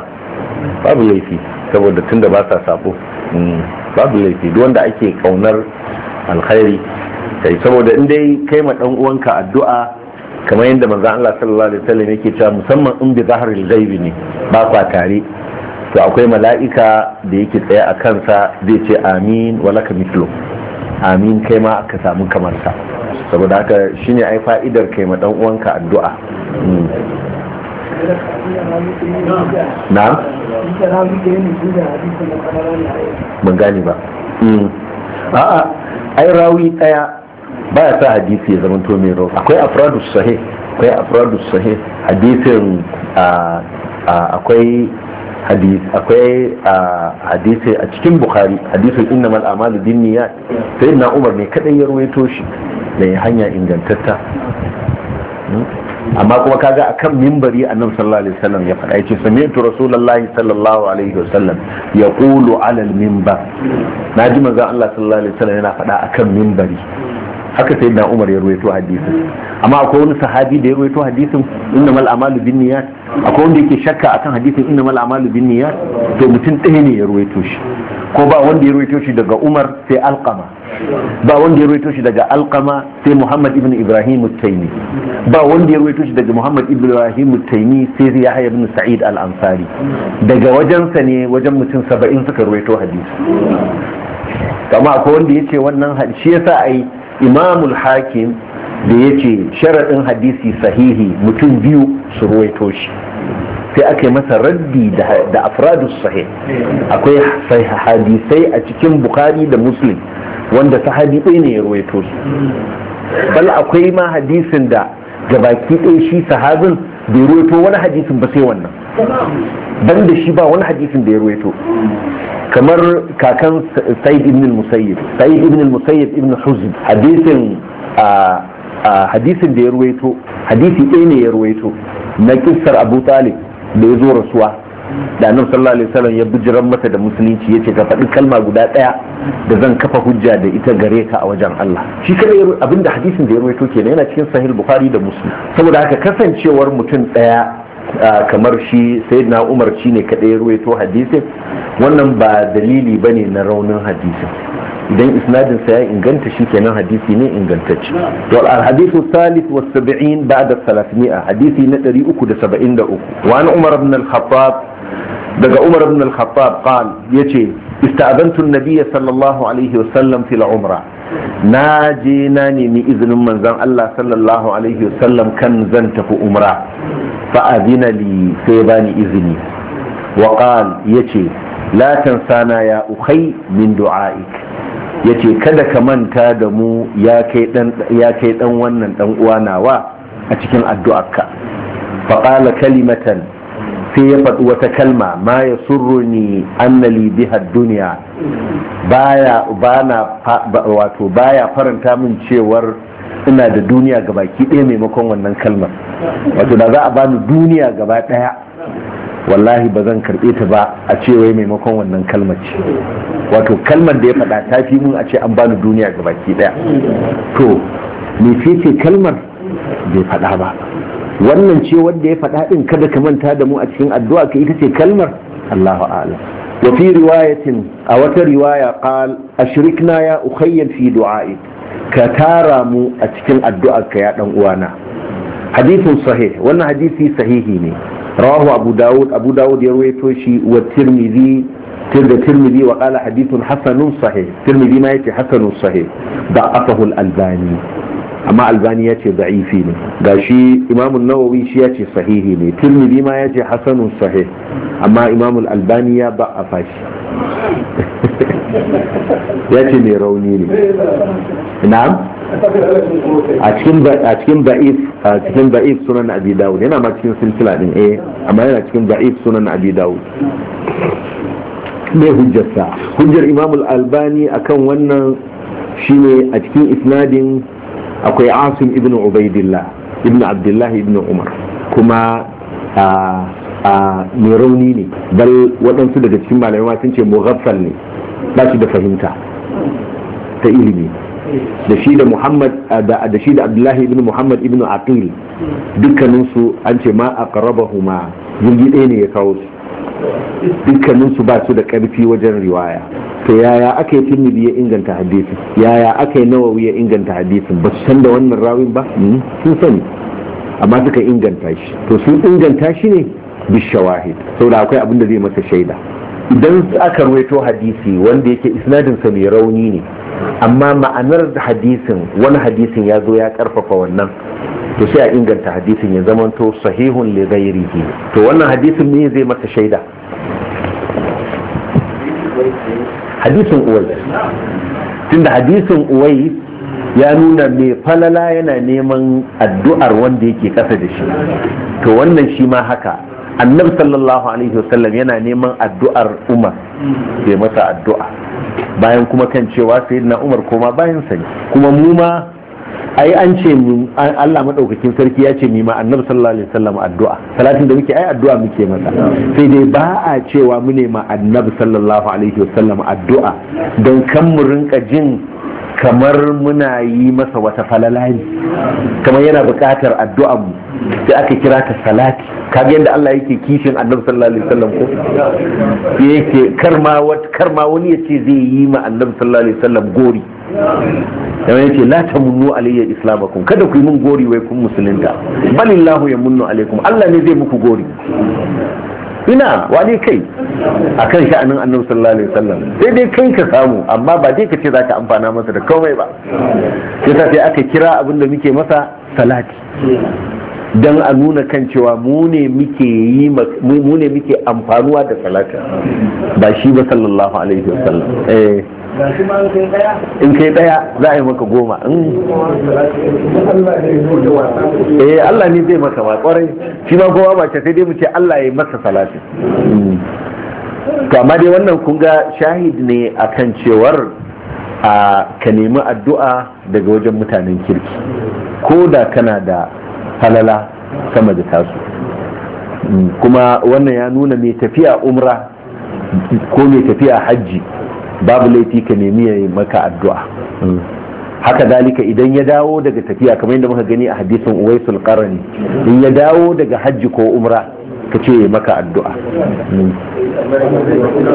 babu laifi saboda tun da ba sa sabo. Mm. babu laifi duk wanda ake kaunar alkhairi kai saboda in dai kai ma dan uwanka addu'a kamar yadda manzo Allah sallallahu alaihi wasallam yake cewa musamman in bi zahril ghaibi ne ba kwa tare to akwai mala'ika da yake tsaye a kansa zai ce amin walaka mislu amin kai ma ka samu kamar sa saboda haka shine ai fa'idar kai ma dan uwanka addu'a na'am ban gane ba hmm. a'a ai rawi daya baya sa hadisi ya zama to mai rawi akwai afradus sahih akwai afradus sahih hadisin akwai hadis akwai hadisi a cikin bukhari hadisin innamal amalu niyyat sai na umar ne kadai ya ruwaito shi da hanya ingantatta hmm? amma kuma kaga akan mimbari annabi sallallahu alaihi wasallam ya faɗa yace sami'tu rasulullahi sallallahu alaihi wasallam yaqulu ala al-minbar naji manzo Allah sallallahu alaihi wasallam yana faɗa akan mimbari haka sai da umar ya ruwaito hadisin amma akwai wani sahabi da ya ruwaito hadisin inna mal amalu bin niyat akwai wanda yake shakka akan hadisin inna mal amalu bin niyat to mutum ɗaya ne ya ruwaito shi ko ba wanda ya ruwaito shi daga umar sai alqama ba wanda ya ruwaito shi daga alqama sai muhammad ibn ibrahim at ba wanda ya ruwaito shi daga muhammad ibn ibrahim at sai yahya ibn sa'id al-ansari daga wajensa ne wajen mutum saba'in suka ruwaito hadisi kama akwai wanda ya ce wannan shi yasa ai imamul hakim da ya ce sharaɗin hadisi sahihi mutum biyu su ruwaito shi sai aka yi masa raddi da afradus sahih akwai hadisai a cikin bukhari da muslim wanda sahabi ɗaya ne ya ruwaito su bal akwai ma hadisin da gabaki ɗaya shi sahabin bai ruwaito wani hadisin ba sai wannan dan da shi ba wani hadisin da ya ruwaito kamar kakan sa'id ibn al-musayyib sa'id ibn al-musayyib ibn huzb hadisin hadisin da ya ruwaito hadisi ɗaya ne ya ruwaito na kissar abu talib da ya zo rasuwa da nan sallallahu alaihi wasallam ya bijiran masa da musulunci yace ka faɗi kalma guda ɗaya da zan kafa hujja da ita gare ka a wajen Allah shi kada abinda hadisin da ya rawaito kenan yana cikin sahih bukhari da muslim saboda haka kasancewar mutum ɗaya kamar shi sayyidina umar shine kada ya rawaito hadisin wannan ba dalili bane na raunin hadisin idan isnadin sa ya inganta shi kenan hadisi ne ingantacce to al hadithu thalith wa sab'in ba'da 300 hadisi na 373 wa an umar ibn al khattab daga umar ibn al khattab qal yace ista'adantu an-nabiy sallallahu alayhi wa sallam fil umra na je na nemi izinin manzon Allah sallallahu alaihi wa sallam kan zan tafi umra fa azina li sai bani izini wa qal yace la tansana ya ukhay min du'aik Yace kada ka manta da mu ya kai dan wannan dan uwa nawa a cikin addu'arka faƙala kalimatan sai ya faɗi wata kalma ma ya surruni annali biha duniya baya bana wato baya faranta min cewar ina da duniya gabaki ɗaya maimakon wannan kalmar wato da za a bani duniya gaba ɗaya wallahi ba zan karɓe ta ba a cewa maimakon wannan kalmar ce wato kalmar da ya faɗa ta fi mun a ce an bani duniya ga baki ɗaya to me ce kalmar bai faɗa ba wannan ce wanda ya faɗa ɗin kada ka manta da mu a cikin addu'a ka ita ce kalmar Allahu Wafi wa fi riwayatin a wata riwaya qal ashrikna ya ukhayya fi du'a'i ka tara mu a cikin addu'ar ka ya dan uwana hadithun sahih wannan hadisi sahihi ne rawahu abu dawud abu dawud ya ruwaito shi wa tirmidhi da tirmidhi wa qala hadithun hasanun sahih tirmidhi ma yace hasanun sahih da afahu albani amma albani ya ce da'ifi ne ga shi imamun nawawi shi ya ce sahihi ne tirmidhi ma ya ce hasanun sahih amma imamul albani ya fashi ya mai rauni ne na'am a cikin ba'if cikin a cikin sunan abi dawud yana ma cikin silsila din eh amma yana cikin ba'if sunan abi dawud mai hujjarsa hujjar imam al-albani akan wannan shine a cikin isnadin akwai asim ibn ubaidillah ibn abdullahi ibn umar kuma a mai rauni ne bal waɗansu daga cikin malamai sun ce mughaffal ne ba shi da fahimta ta ilimi da shi da muhammad da shi da abdullahi ibn muhammad ibn aqil dukkaninsu an ce ma aqrabahuma jirgi ɗaya ne ya kawo su dukkaninsu ba su da karfi wajen riwaya to yaya aka yi tirmidhi ya inganta hadisin yaya aka yi nawawi ya inganta hadisin ba su san da wannan rawin ba hmm? sun sani amma suka inganta shi to sun inganta shi ne bishawahid saboda akwai abin da zai masa shaida idan aka ruwaito hadisi wanda yake isnadinsa mai rauni ne amma ma'anar hadisin wani hadisin ya zo ya karfafa wannan to sai a inganta hadisin ya zama to sahihun li ghairihi to wannan hadisin ne zai masa shaida hadisin uwai tunda hadisin uwai ya nuna mai falala yana neman addu'ar wanda yake kasa da shi to wannan shi ma haka annabi sallallahu alaihi wasallam yana neman addu'ar umar ya masa addu'a bayan kuma kan cewa sayyidina umar koma bayan sani kuma mu ma ai an ce Allah madaukakin sarki ya ce ni ma annabi sallallahu alaihi wasallam addu'a salatin da muke ai addu'a muke masa sai dai ba a cewa mu ne ma annabi sallallahu alaihi wasallam addu'a don kan mu rinka jin kamar muna yi masa wata falalani. kamar yana buƙatar addu'a mu sai aka kira ta salati kaga yadda Allah yake kishin annabi sallallahu alaihi wasallam ko yake karma wat karma wani yace zai yi ma annabi sallallahu alaihi wasallam gori kamar yace la tamunnu alayya islamakum kada ku yi mun gori wai kun musulunta balillahu yamunnu alaikum Allah ne zai muku gori ina wani kai a kan sha'anin annabi sallallahu alaihi wasallam sai dai kai ka samu amma ba dai ka ce za ka amfana masa da komai ba sai sai aka kira abin da muke masa salati don a nuna kan cewa mu ne muke mu amfanuwa da salata ba shi ba sallallahu alaihi wasallam eh. in kai daya za a yi maka goma hmm. eh Allah ne zai maka ba kwarai shi ma kowa ba ce sai dai mu ce Allah ya yi masa salatin hmm. to amma dai wannan kun ga shahid ne akan cewar a ka nemi addu'a daga wajen mutanen kirki ko da kana da falala sama da tasu mm, kuma wannan ya nuna mai tafiya umra ko mai tafiya hajji babu laifi ka nemi ya yi maka addu'a mm. haka dalika idan ya dawo daga tafiya kamar yadda muka gani a hadisin uwaisul qarani in ya dawo daga hajji ko umra ka ce maka addu'a mm.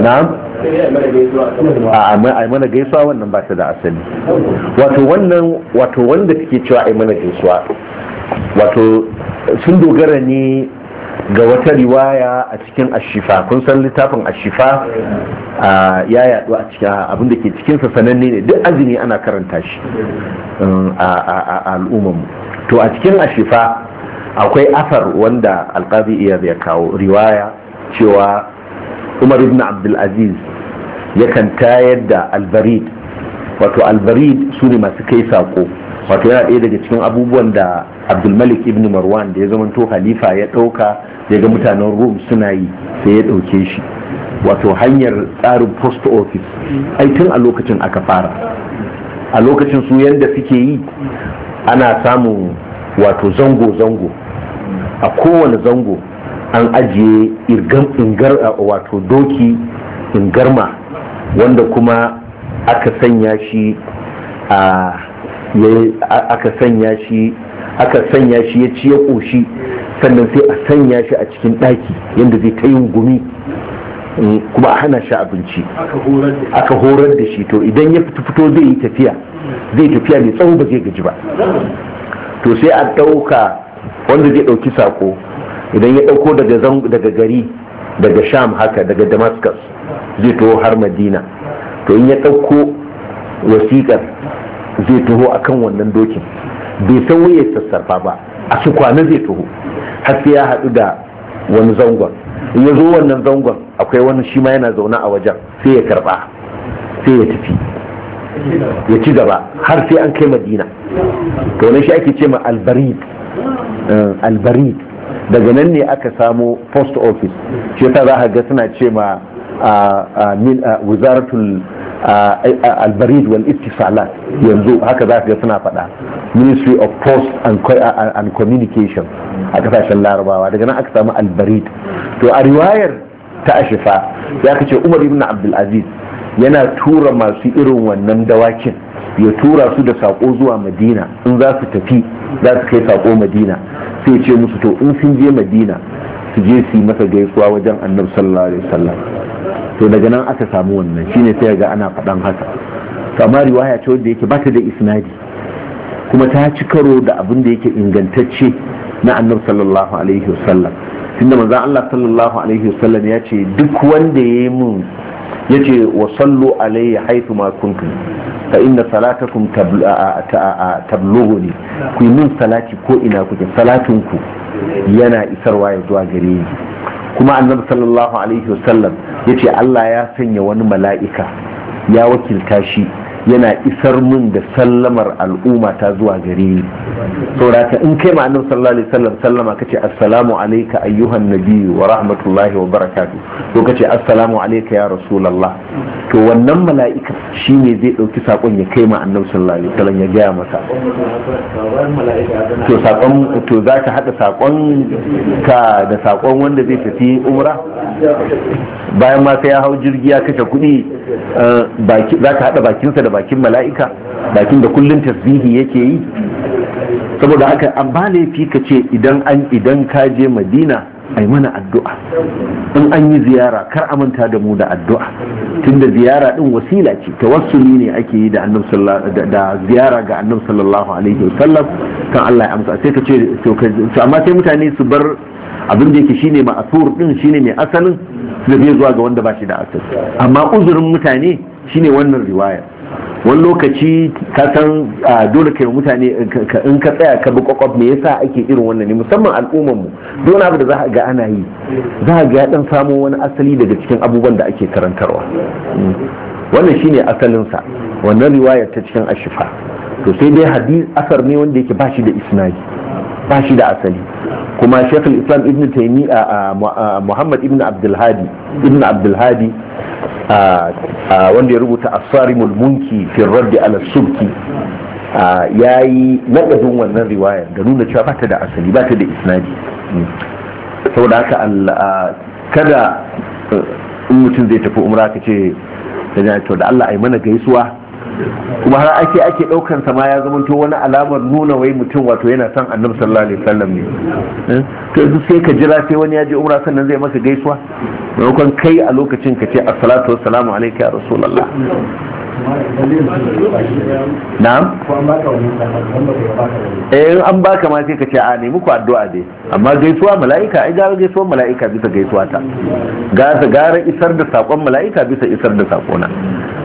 na'am a mana gaisuwa wannan ba ta da asali wato wannan wato wanda take cewa ai mana gaisuwa wato sun dogara ne ga wata riwaya a cikin ashifa kun san littafin ashifa ya yadu a cikin abin da ke cikinsa sananne ne duk azumi ana karanta shi um, a al'ummarmu to a cikin ashifa akwai afar wanda alkazi iya zai kawo riwaya cewa umar ibn abdulaziz yakan tayar da albarid wato albarid su ne masu kai sako wato yana ɗaya daga cikin abubuwan da abdulmalik ibn marwan da ya zama to halifa ya ɗauka ya ga mutanen rum suna yi sai ya ɗauke shi wato hanyar tsarin post office ai tun a lokacin aka fara a lokacin su yadda suke yi ana samun wato zango-zango a kowane zango an ajiye ingar, wato doki ingarma wanda kuma aka sanya shi a aka sanya shi aka sanya shi ya ci ya ƙoshi sannan sai a sanya shi a cikin ɗaki yadda zai ta yin gumi mm, kuma a hana shi abinci aka horar da shi to idan ya fito zai yi tafiya zai tafiya mai tsawo ba zai gaji ba to sai a ɗauka wanda zai ɗauki sako idan ya ɗauko daga gari daga sham haka daga damascus zai taho har madina to in ya ɗauko wasikar zai taho akan wannan dokin bai san ya sassarfa ba a su kwana zai taho har sai ya haɗu da wani zangon ya zo wannan zangon akwai wani shi ma yana zaune a wajen sai ya karɓa sai ya tafi ya ci gaba har sai an kai madina to wani shi ake ce ma albarid eh, albarid daga nan ne aka samo post office shi ta za a ga suna ce ma ah, ah, ah, wuzaratul albarid wal ittisalat yanzu haka za ga suna faɗa ministry of post and communication a kasashen larabawa daga nan aka samu albarid to a riwayar ta ashifa ya kace umar ibn abdulaziz yana tura masu irin wannan dawakin ya tura su da sako zuwa madina in za su tafi za su kai sako madina sai ce musu to in sun je madina su je su yi masa gaisuwa wajen annabi sallallahu alaihi wasallam to daga nan aka samu wannan shine sai ga ana faɗan haka To amma riwaya ce wanda yake bata da isnadi kuma ta ci karo da abin da yake ingantacce na annabi sallallahu alaihi wasallam tunda manzon Allah sallallahu alaihi wasallam ya ce duk wanda yayi mun yace wa sallu alayya haythu ma kuntum fa inna salatakum tablughuni ku yi min salati ko ina kuke salatinku ku yana isarwa ya zuwa gare ni kuma annabi sallallahu alaihi wasallam yace Allah ya sanya wani mala'ika ya wakilta shi yana isar mun da sallamar al'umma ta zuwa gare ni saboda in kai ma annabi sallallahu alaihi wasallam sallama kace assalamu alayka ayyuhan nabi wa rahmatullahi wa barakatuh to kace assalamu alayka ya rasulullah to wannan mala'ika shine zai dauki sakon ya kai ma annabi sallallahu alaihi wasallam ya gaya masa to sakon to za ka hada sakon ka da sakon wanda zai tafi umra bayan ma sai ya hau jirgi ya kashe kuɗi eh, za ka hada bakinsa da bakin mala'ika bakin da kullun tasbihi yake yi saboda haka amma laifi ka ce idan an idan ka je madina ai mana addu'a in an yi ziyara kar a manta da mu da addu'a tunda ziyara din wasila ce tawassuli ne ake yi da annabi da ziyara ga annabi sallallahu alaihi wasallam kan Allah ya amsa sai ka ce to amma sai mutane su bar abin da yake shine ma'asur din shine mai asalin da zai zuwa ga wanda ba shi da asali amma uzurin mutane shine wannan riwayar wani lokaci ka san dole kai mutane in ka tsaya ka bi kwakwaf me yasa ake irin wannan ne musamman al'ummar mu don abu da za ga ana yi za a ga ya dan samo wani asali daga cikin abubuwan da ake karantarwa wannan shine asalin sa wannan riwayar ta cikin ashifa to sai dai hadis asar ne wanda yake bashi da isnadi bashi da asali kuma Sheikh islam Ibn a Muhammad Ibn Abdul Hadi Ibn Abdul Hadi wanda ya rubuta asarimul mulmunki fi raddi ala subki ya yi naɗaɗin wannan riwayar da nuna cewa bata da asali bata da isnadi saboda haka kada in mutum zai tafi umra ka ce da to da Allah ai mana gaisuwa kuma har ake ake daukan sa ma ya to wani alamar nuna wai mutum wato yana son annabi sallallahu alaihi wasallam ne eh? to yanzu sai ka jira sai wani ya je umra sannan zai maka gaisuwa maimakon kai a lokacin ka ce assalatu wassalamu alayka ya rasulullah na'am eh an baka ma sai ka ce a ne muku addu'a dai amma gaisuwa mala'ika ai gara gaisuwa mala'ika bisa gaisuwa ta gara isar da sakon mala'ika bisa isar da sakona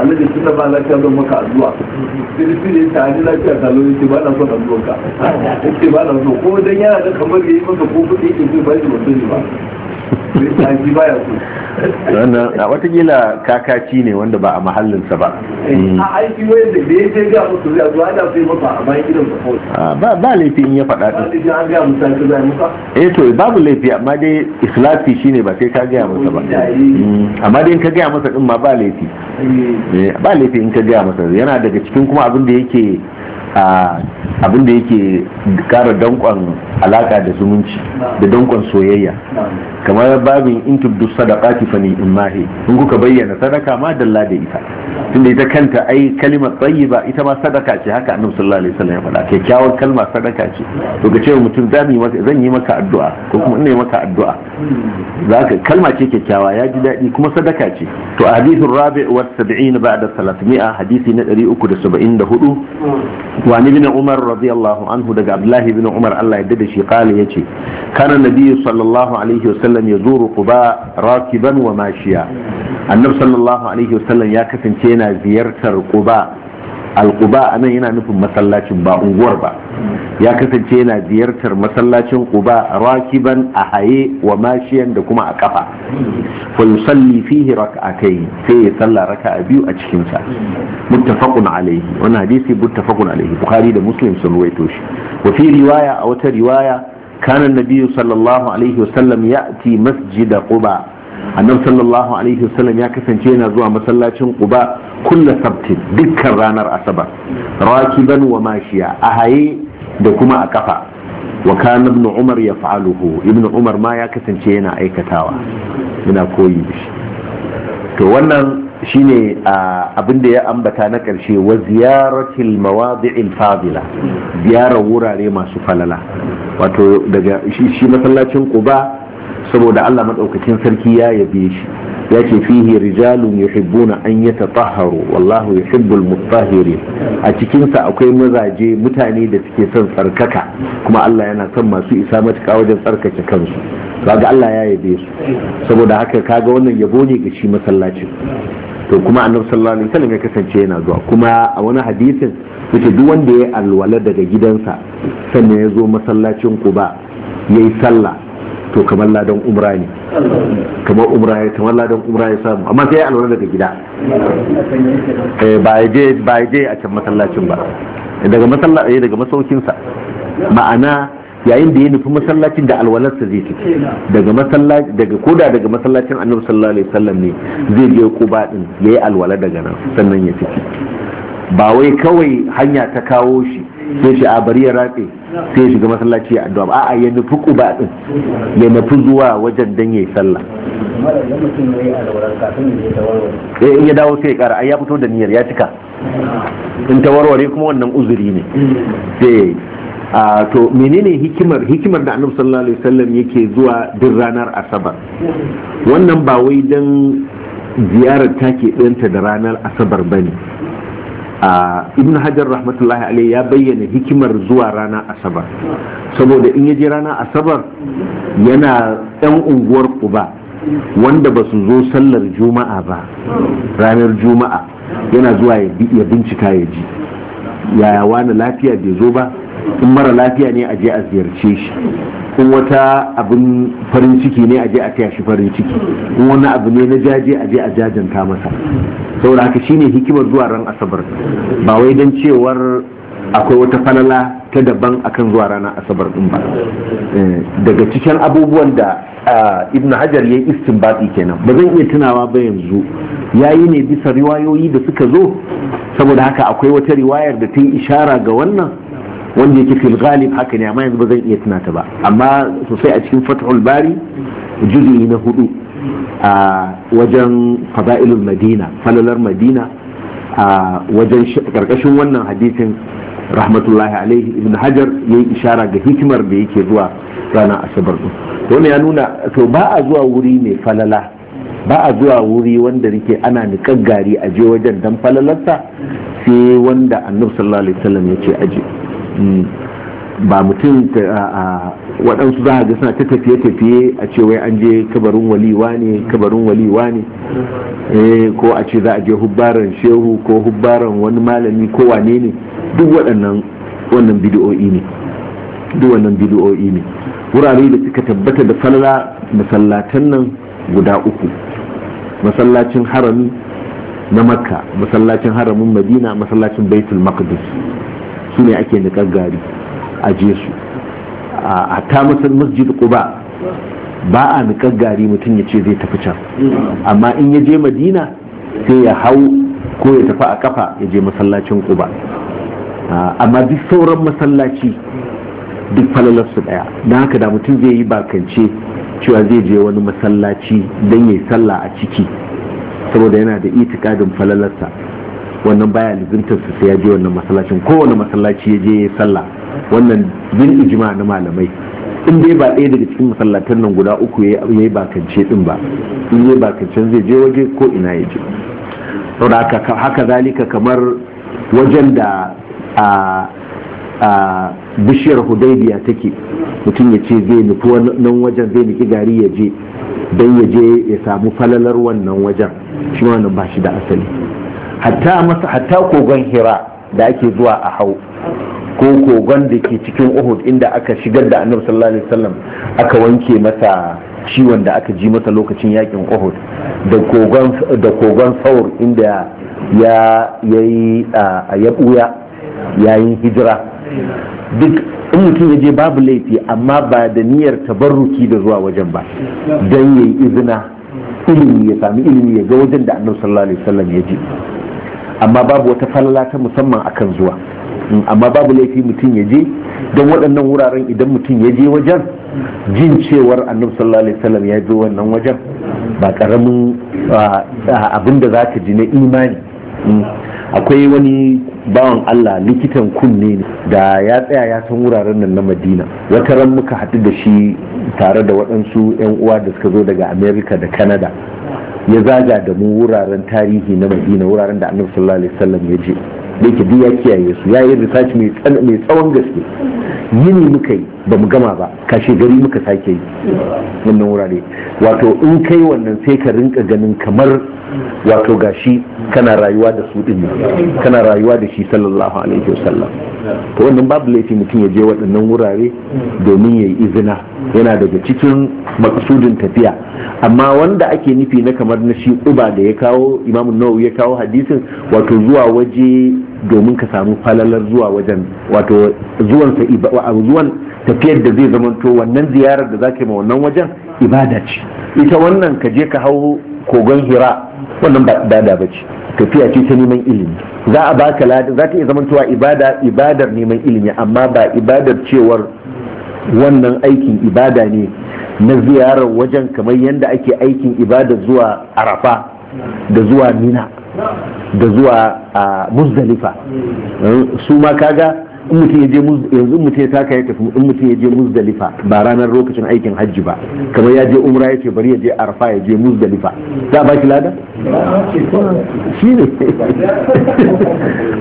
annabi tun ba lafiya zan maka azuwa sai da ta da lafiya ta lori ce ba na son azuwa ka yake ba na so ko dan yana da kamar yayi maka ko kuɗi ke zai ba shi mutum ba a watakila kakaci ne wanda ba a mahallinsa ba mm. a aiki wanda da ya ce ga musu ya zuwa da sai mafa a bayan gidan ah, ba ba laifi in ya faɗa ɗin. ba eh to babu laifi amma dai islafi shine ba sai ka gaya masa ba mm. amma dai in ka gaya masa ɗin ma ba laifi eh. Eh, ba laifi in ka gaya masa yana daga cikin kuma abin da yake abin da yake kara dankon alaka da zumunci da dankon soyayya kamar babin intubdu sadaqati fani in mahi in kuka bayyana sadaka ma dalla da ita tunda ita kanta ai kalimar tayyiba ita ma sadaka ce haka annabi sallallahu alaihi wasallam ya faɗa kyakkyawar kalma sadaka ce to ka ce mutum zan yi maka addu'a ko kuma ina yi maka addu'a zaka kalma ce kyakkyawa ya ji daɗi kuma sadaka ce to hadithur rabi' wa 70 ba'da 300 hadisi na 374 wani bin umar radiyallahu anhu daga abdullahi bin umar Allah ya dade shi kala ya ce kanan nabi sallallahu ya zuru ku ba rakiban wa mashiya annab sallallahu ya kasance yana ziyartar ku alƙuba a nan yana nufin masallacin ba unguwar ba ya kasance yana ziyartar masallacin quba rakiban a haye wa mashiyan da kuma a kafa fa yusalli fihi rak'atayn sai ya salla raka'a biyu a cikin sa muttafaqun alayhi wannan hadisi muttafaqun alayhi bukhari da muslim sun ruwaito shi wa fi riwaya a wata riwaya kana nabiyyu sallallahu alaihi wasallam ya'ti masjida quba annab sallallahu alaihi wasallam ya kasance yana zuwa masallacin quba kulla sabtin dukkan ranar asabar rakiban wa mashiya a haye da kuma a kafa wa kana ibn umar ya fa'aluhu ibn umar ma ya kasance yana aikatawa Ina koyi da shi to wannan shine abin da ya ambata na karshe wa ziyaratil mawadi'il fadila ziyarar wurare masu falala wato daga shi masallacin quba saboda Allah madaukakin sarki ya yabe shi yake fihi rijalun yuhibbuna an yatatahharu wallahu yuhibbul mutahhirin a cikin sa akwai mazaje mutane da suke son tsarkaka kuma Allah yana son masu isa matuƙa wajen tsarkake kansu kaga Allah ya yabe su saboda haka kaga wannan yabo ne ga shi masallacin to kuma annabi sallallahu alaihi wasallam ya kasance yana zuwa kuma a wani hadisin yace duk wanda ya alwala daga gidansa sannan ya zo masallacin Quba yayi sallah to kamar ladan umra ne kamar umra ya kamar ladan umra ya samu amma sai ya alwala daga gida eh, ba ya je a can masallacin ba daga masallaci eh, daga masaukin sa ma'ana yayin da ya nufi masallacin da alwalarsa zai ci daga masallaci daga koda daga masallacin annabi sallallahu alaihi wasallam ne zai je kuba din yayi alwala daga nan sannan ya ciki ba wai kawai hanya ta kawo shi sai shi a bari ya ratse sai shiga masallaci ya addu'a a'a ya nufi kuba din ya nufi zuwa wajen dan yayi sallah eh in ya dawo sai ya kara ai ya fito da niyyar ya cika in ta warware kuma wannan uzuri ne sai a to menene hikimar hikimar da annabi sallallahu alaihi wasallam yake zuwa duk ranar asabar wannan ba wai dan ziyarar take ɗinta da ranar asabar bane ibn hajar rahmatullahi alaihi ya bayyana hikimar zuwa rana asabar saboda in ya je rana asabar yana yan unguwar kuba wanda ba su zo sallar juma'a ba ranar juma'a yana zuwa ya bincika ya ji yaya wani lafiya bai zo ba in mara lafiya ne a je a ziyarce shi in wata abin farin ciki ne a je a taya shi farin ciki in wani abu ne na jaje a je a jajanta masa saboda haka shine hikimar zuwa ran asabar ba wai don cewar akwai wata falala ta daban akan zuwa ranar asabar din ba eh, daga cikin abubuwan da ah, ibn hajar ya yi istinbati kenan ba zan iya tunawa ba yanzu ya yi ne bisa riwayoyi da suka zo saboda haka akwai wata riwayar da ta yi ishara ga wannan wanda yake fil ghalib haka ne amma yanzu ba zan iya tuna ta ba amma sosai a cikin fathul bari juzu'i na hudu a wajen fada'ilul madina falalar madina a wajen karkashin wannan hadisin rahmatullahi alaihi ibn hajar ya yi ishara ga hikimar da yake zuwa ranar asabar din wannan ya nuna to ba a zuwa wuri mai falala ba a zuwa wuri wanda rike ana niƙar gari a je wajen dan falalarsa sai wanda annabi sallallahu alaihi wasallam ya ce aje ba mutum a waɗansu za a ga suna ta tafiye-tafiye a ce wai an je kabarin waliwa ne kabarin waliwa ne eh, ko a ce za a je hubbaran shehu ko hubbaran wani malami ko wane ne duk waɗannan wannan bidiyo'i ne duk wannan bidiyo'i ne wurare da suka tabbata da falla masallatan nan guda uku masallacin harami na makka masallacin haramin madina masallacin baitul maqdis su ne ake niƙar gari a je su a ta masjid quba ba a niƙar gari mutum ya ce zai tafi can amma in ya je madina sai ya hau ko ya tafi a kafa ya je masallacin ƙuba. amma duk sauran masallaci duk falalarsu daya don haka da mutum zai yi bakance cewa zai je wani masallaci don ya yi sallah a ciki saboda yana da itikadin falalarsa wannan baya lizintar su sai ya je wannan masallacin kowane masallaci ya je sallah wannan bin ijma na malamai in dai ba ɗaya daga cikin masallatan nan guda uku ya yi bakance din ba in yi bakancen zai je waje ko ina ya je haka zalika kamar wajen da a bishiyar hudaybiya take mutum ya ce zai nufi nan wajen zai nufi gari ya je don ya je ya samu falalar wannan wajen shi wannan ba shi da asali hatta kogon hira da ake zuwa a hau ko kogon da ke cikin uhud inda aka shigar da annabi sallallahu alaihi wasallam aka wanke masa ciwon da aka ji masa lokacin yakin uhud da kogon saur inda ya yayi ya buya yayin hijira duk in mutum ya je babu laifi amma ba da niyyar tabarruki da zuwa wajen ba don yayi izina ilimi ya sami ilimi ya ga wajen da annabi sallallahu alaihi wasallam ya je amma babu wata falala ta musamman akan zuwa mm, amma babu laifi mutum ya je don waɗannan wuraren idan mutum ya je wajen jin cewar annabi sallallahu alaihi wasallam ya zo wannan wajen ba karamin abin da zaka ji na imani mm, akwai wani bawan Allah likitan kunne da ya tsaya ya san wuraren nan na Madina wata ran muka haɗu da shi tare da waɗansu 'yan uwa da suka zo daga Amerika da Canada ya zaga da mu wuraren tarihi na madina wuraren da annabi sallallahu alaihi wasallam ya je da yake duk ya kiyaye su ya yi research mai tsawon gaske yini muka yi ba mu gama ba kashe gari muka sake yi wannan wurare wato in kai wannan sai ka rinka ganin kamar wato gashi kana rayuwa da su din kana rayuwa da shi sallallahu alaihi wasallam to wannan babu laifi mutum ya je waɗannan wurare domin ya yi izina yana daga cikin maksudin tafiya amma wanda ake nufi na kamar na shi uba da ya kawo imamun nawawi ya kawo hadisin wato zuwa waje domin ka samu falalar zuwa wajen wato zuwan sa zuwan tafiyar da zai to wannan ziyarar da zaka ma wannan wajen ibada ce ita wannan ka je ka hau kogon hira wannan ba ibada ba ce tafiya ce ta neman ilimi za a baka ladan za ta iya zamantowa ibada ibadar neman ilimi amma ba ibadar cewar wannan aikin ibada ne na ziyarar wajen kamar yadda ake aikin ibada zuwa arafa da zuwa mina da zuwa a muzdalifa eh, su ma kaga in mutum ya je yanzu mutum ya taka ya tafi in mutum ya je muzdalifa ba ranar lokacin aikin hajji ba kamar ya je umra ya ce bari ya je arfa ya je muzdalifa za a baki lada shi ne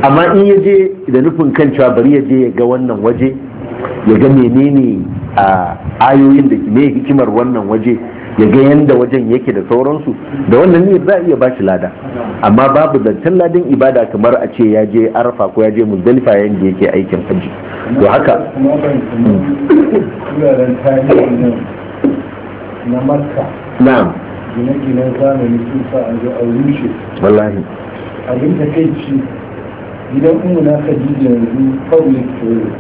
amma in ya je da nufin kan cewa bari ya je ya ga wannan waje ya ga menene a ayoyin da me hikimar wannan waje ya ga yanda wajen yake da sauransu da wannan ne za a iya bashi lada amma babu zancen ladin ibada kamar a ce ya je arfa ko ya je muzdalifa yanda yake aikin haji to haka na makka gine-ginen zamani sun sa a rushe abin da kai ci gidan umu na khadija yanzu public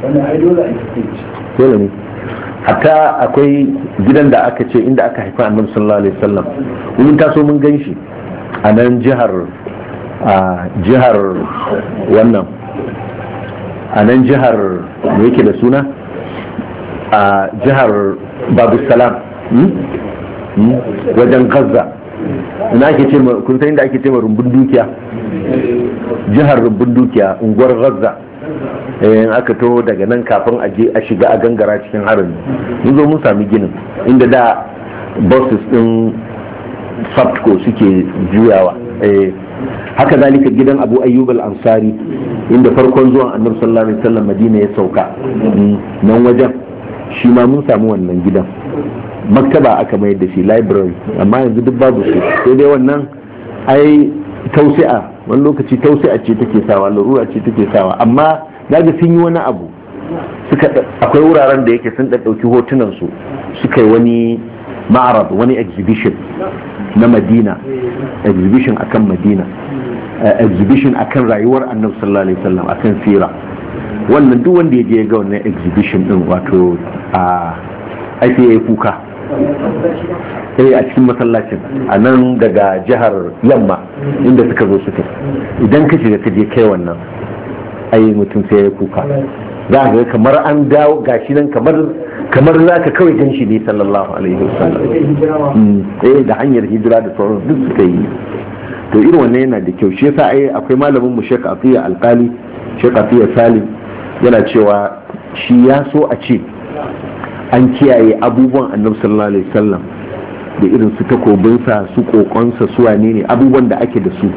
wanda ai dole a stage dole ne hatta akwai gidan da aka ce inda aka haifa annabi sallallahu alaihi wasallam mun taso mun ganshi a nan jihar a jihar wannan a nan jihar me yake da suna a jihar babu salam hmm? Hmm? wajen gaza ina ake ce kun san inda ake ce rumbun dukiya jihar rumbun dukiya unguwar gaza eh, in aka to daga nan kafin a je a shiga a gangara cikin harin mun zo mun sami ginin inda da buses din sabtco suke juyawa eh, haka zalika gidan abu ayyub al-ansari inda farkon zuwan annabi sallallahu alaihi wasallam madina ya sauka mm, nan wajen shi ma mun samu wannan gidan maktaba aka mayar da shi library amma yanzu duk babu su sai dai wannan ai tausi'a wani lokaci a ce take sawa larura ce take sawa amma daga sun yi wani abu akwai wuraren da yake sun ɗauki hotunan su suka yi wani ma'arad wani exhibition na madina exhibition akan madina eh, exhibition akan rayuwar annabi sallallahu alaihi wasallam akan sira wannan duk wanda ya je ga wannan exhibition din wato ah, a ake kuka eh a cikin masallacin a nan daga jihar yamma inda suka zo suke idan ka shiga je kai wannan ai mutum sai ya kuka za ka ga kamar an dawo gashi nan kamar kamar za ka kawai gan shi ne sallallahu alaihi wasallam mm, eh da hanyar hijira da sauran duk suka yi to irin wannan yana da kyau shi yasa ai akwai malamin mu Sheikh Afiya Alqali Sheikh Afiya Salim yana cewa shi ya so a ce an kiyaye abubuwan annabi sallallahu alaihi wasallam da irin su takobinsa su kokonsa su wane ne abubuwan da ake da su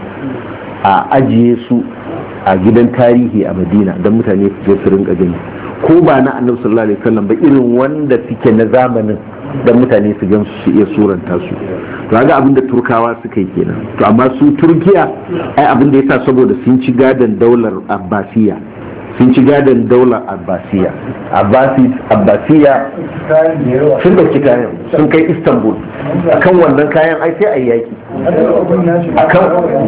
a ajiye su a gidan tarihi a madina don mutane su su rinka gani ko ba na annabi sallallahu alaihi wasallam ba irin wanda suke na zamanin don mutane su gan su iya suranta su to ga abinda turkawa suka yi kenan to amma su turkiya ai abinda yasa saboda sun ci gadon daular abbasiya sun ci gadon daular abbasiya abbasiya sun ɗauki kayan sun kai istanbul a kan wannan kayan ai sai a yaki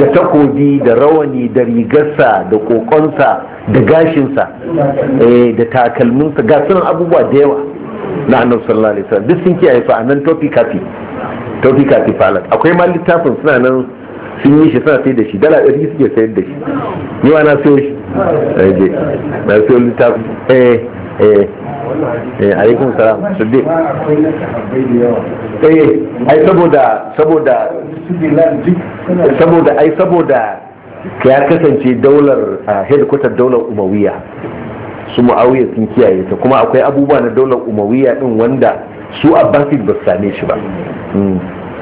da takobi da rawani da rigarsa da kokonsa da gashinsa eh, da takalminsa ga sunan abubuwa da yawa na annabi sallallahu duk sun kiyaye a nan topi kafi topi kafi falat akwai ma littafin suna nan sun yi shi suna sai da shi dala ɗari suke sayar da shi ni ma na sayo shi ɗaje eh, eh, eh, ai saboda ya kasance daular headquarter daular umawiya su mu'awiyya sun kiyaye ta kuma akwai abubuwa na daular umawiya din wanda su abbasid ba su same shi ba hmm.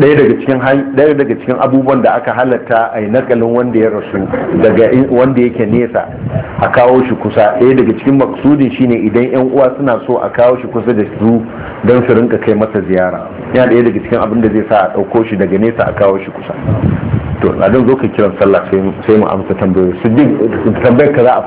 ɗaya daga cikin abubuwan da aka halatta a yi nakalin wanda ya rasu daga wanda yake nesa a kawo shi kusa ɗaya daga cikin maksudin shine idan yan uwa suna so a kawo shi kusa da su don su rinka kai masa ziyara yana ɗaya daga cikin abin da zai sa a ɗauko shi daga nesa a kawo shi kusa to a zo ka kiran sallah sai mu amsa tambayoyi su za a fara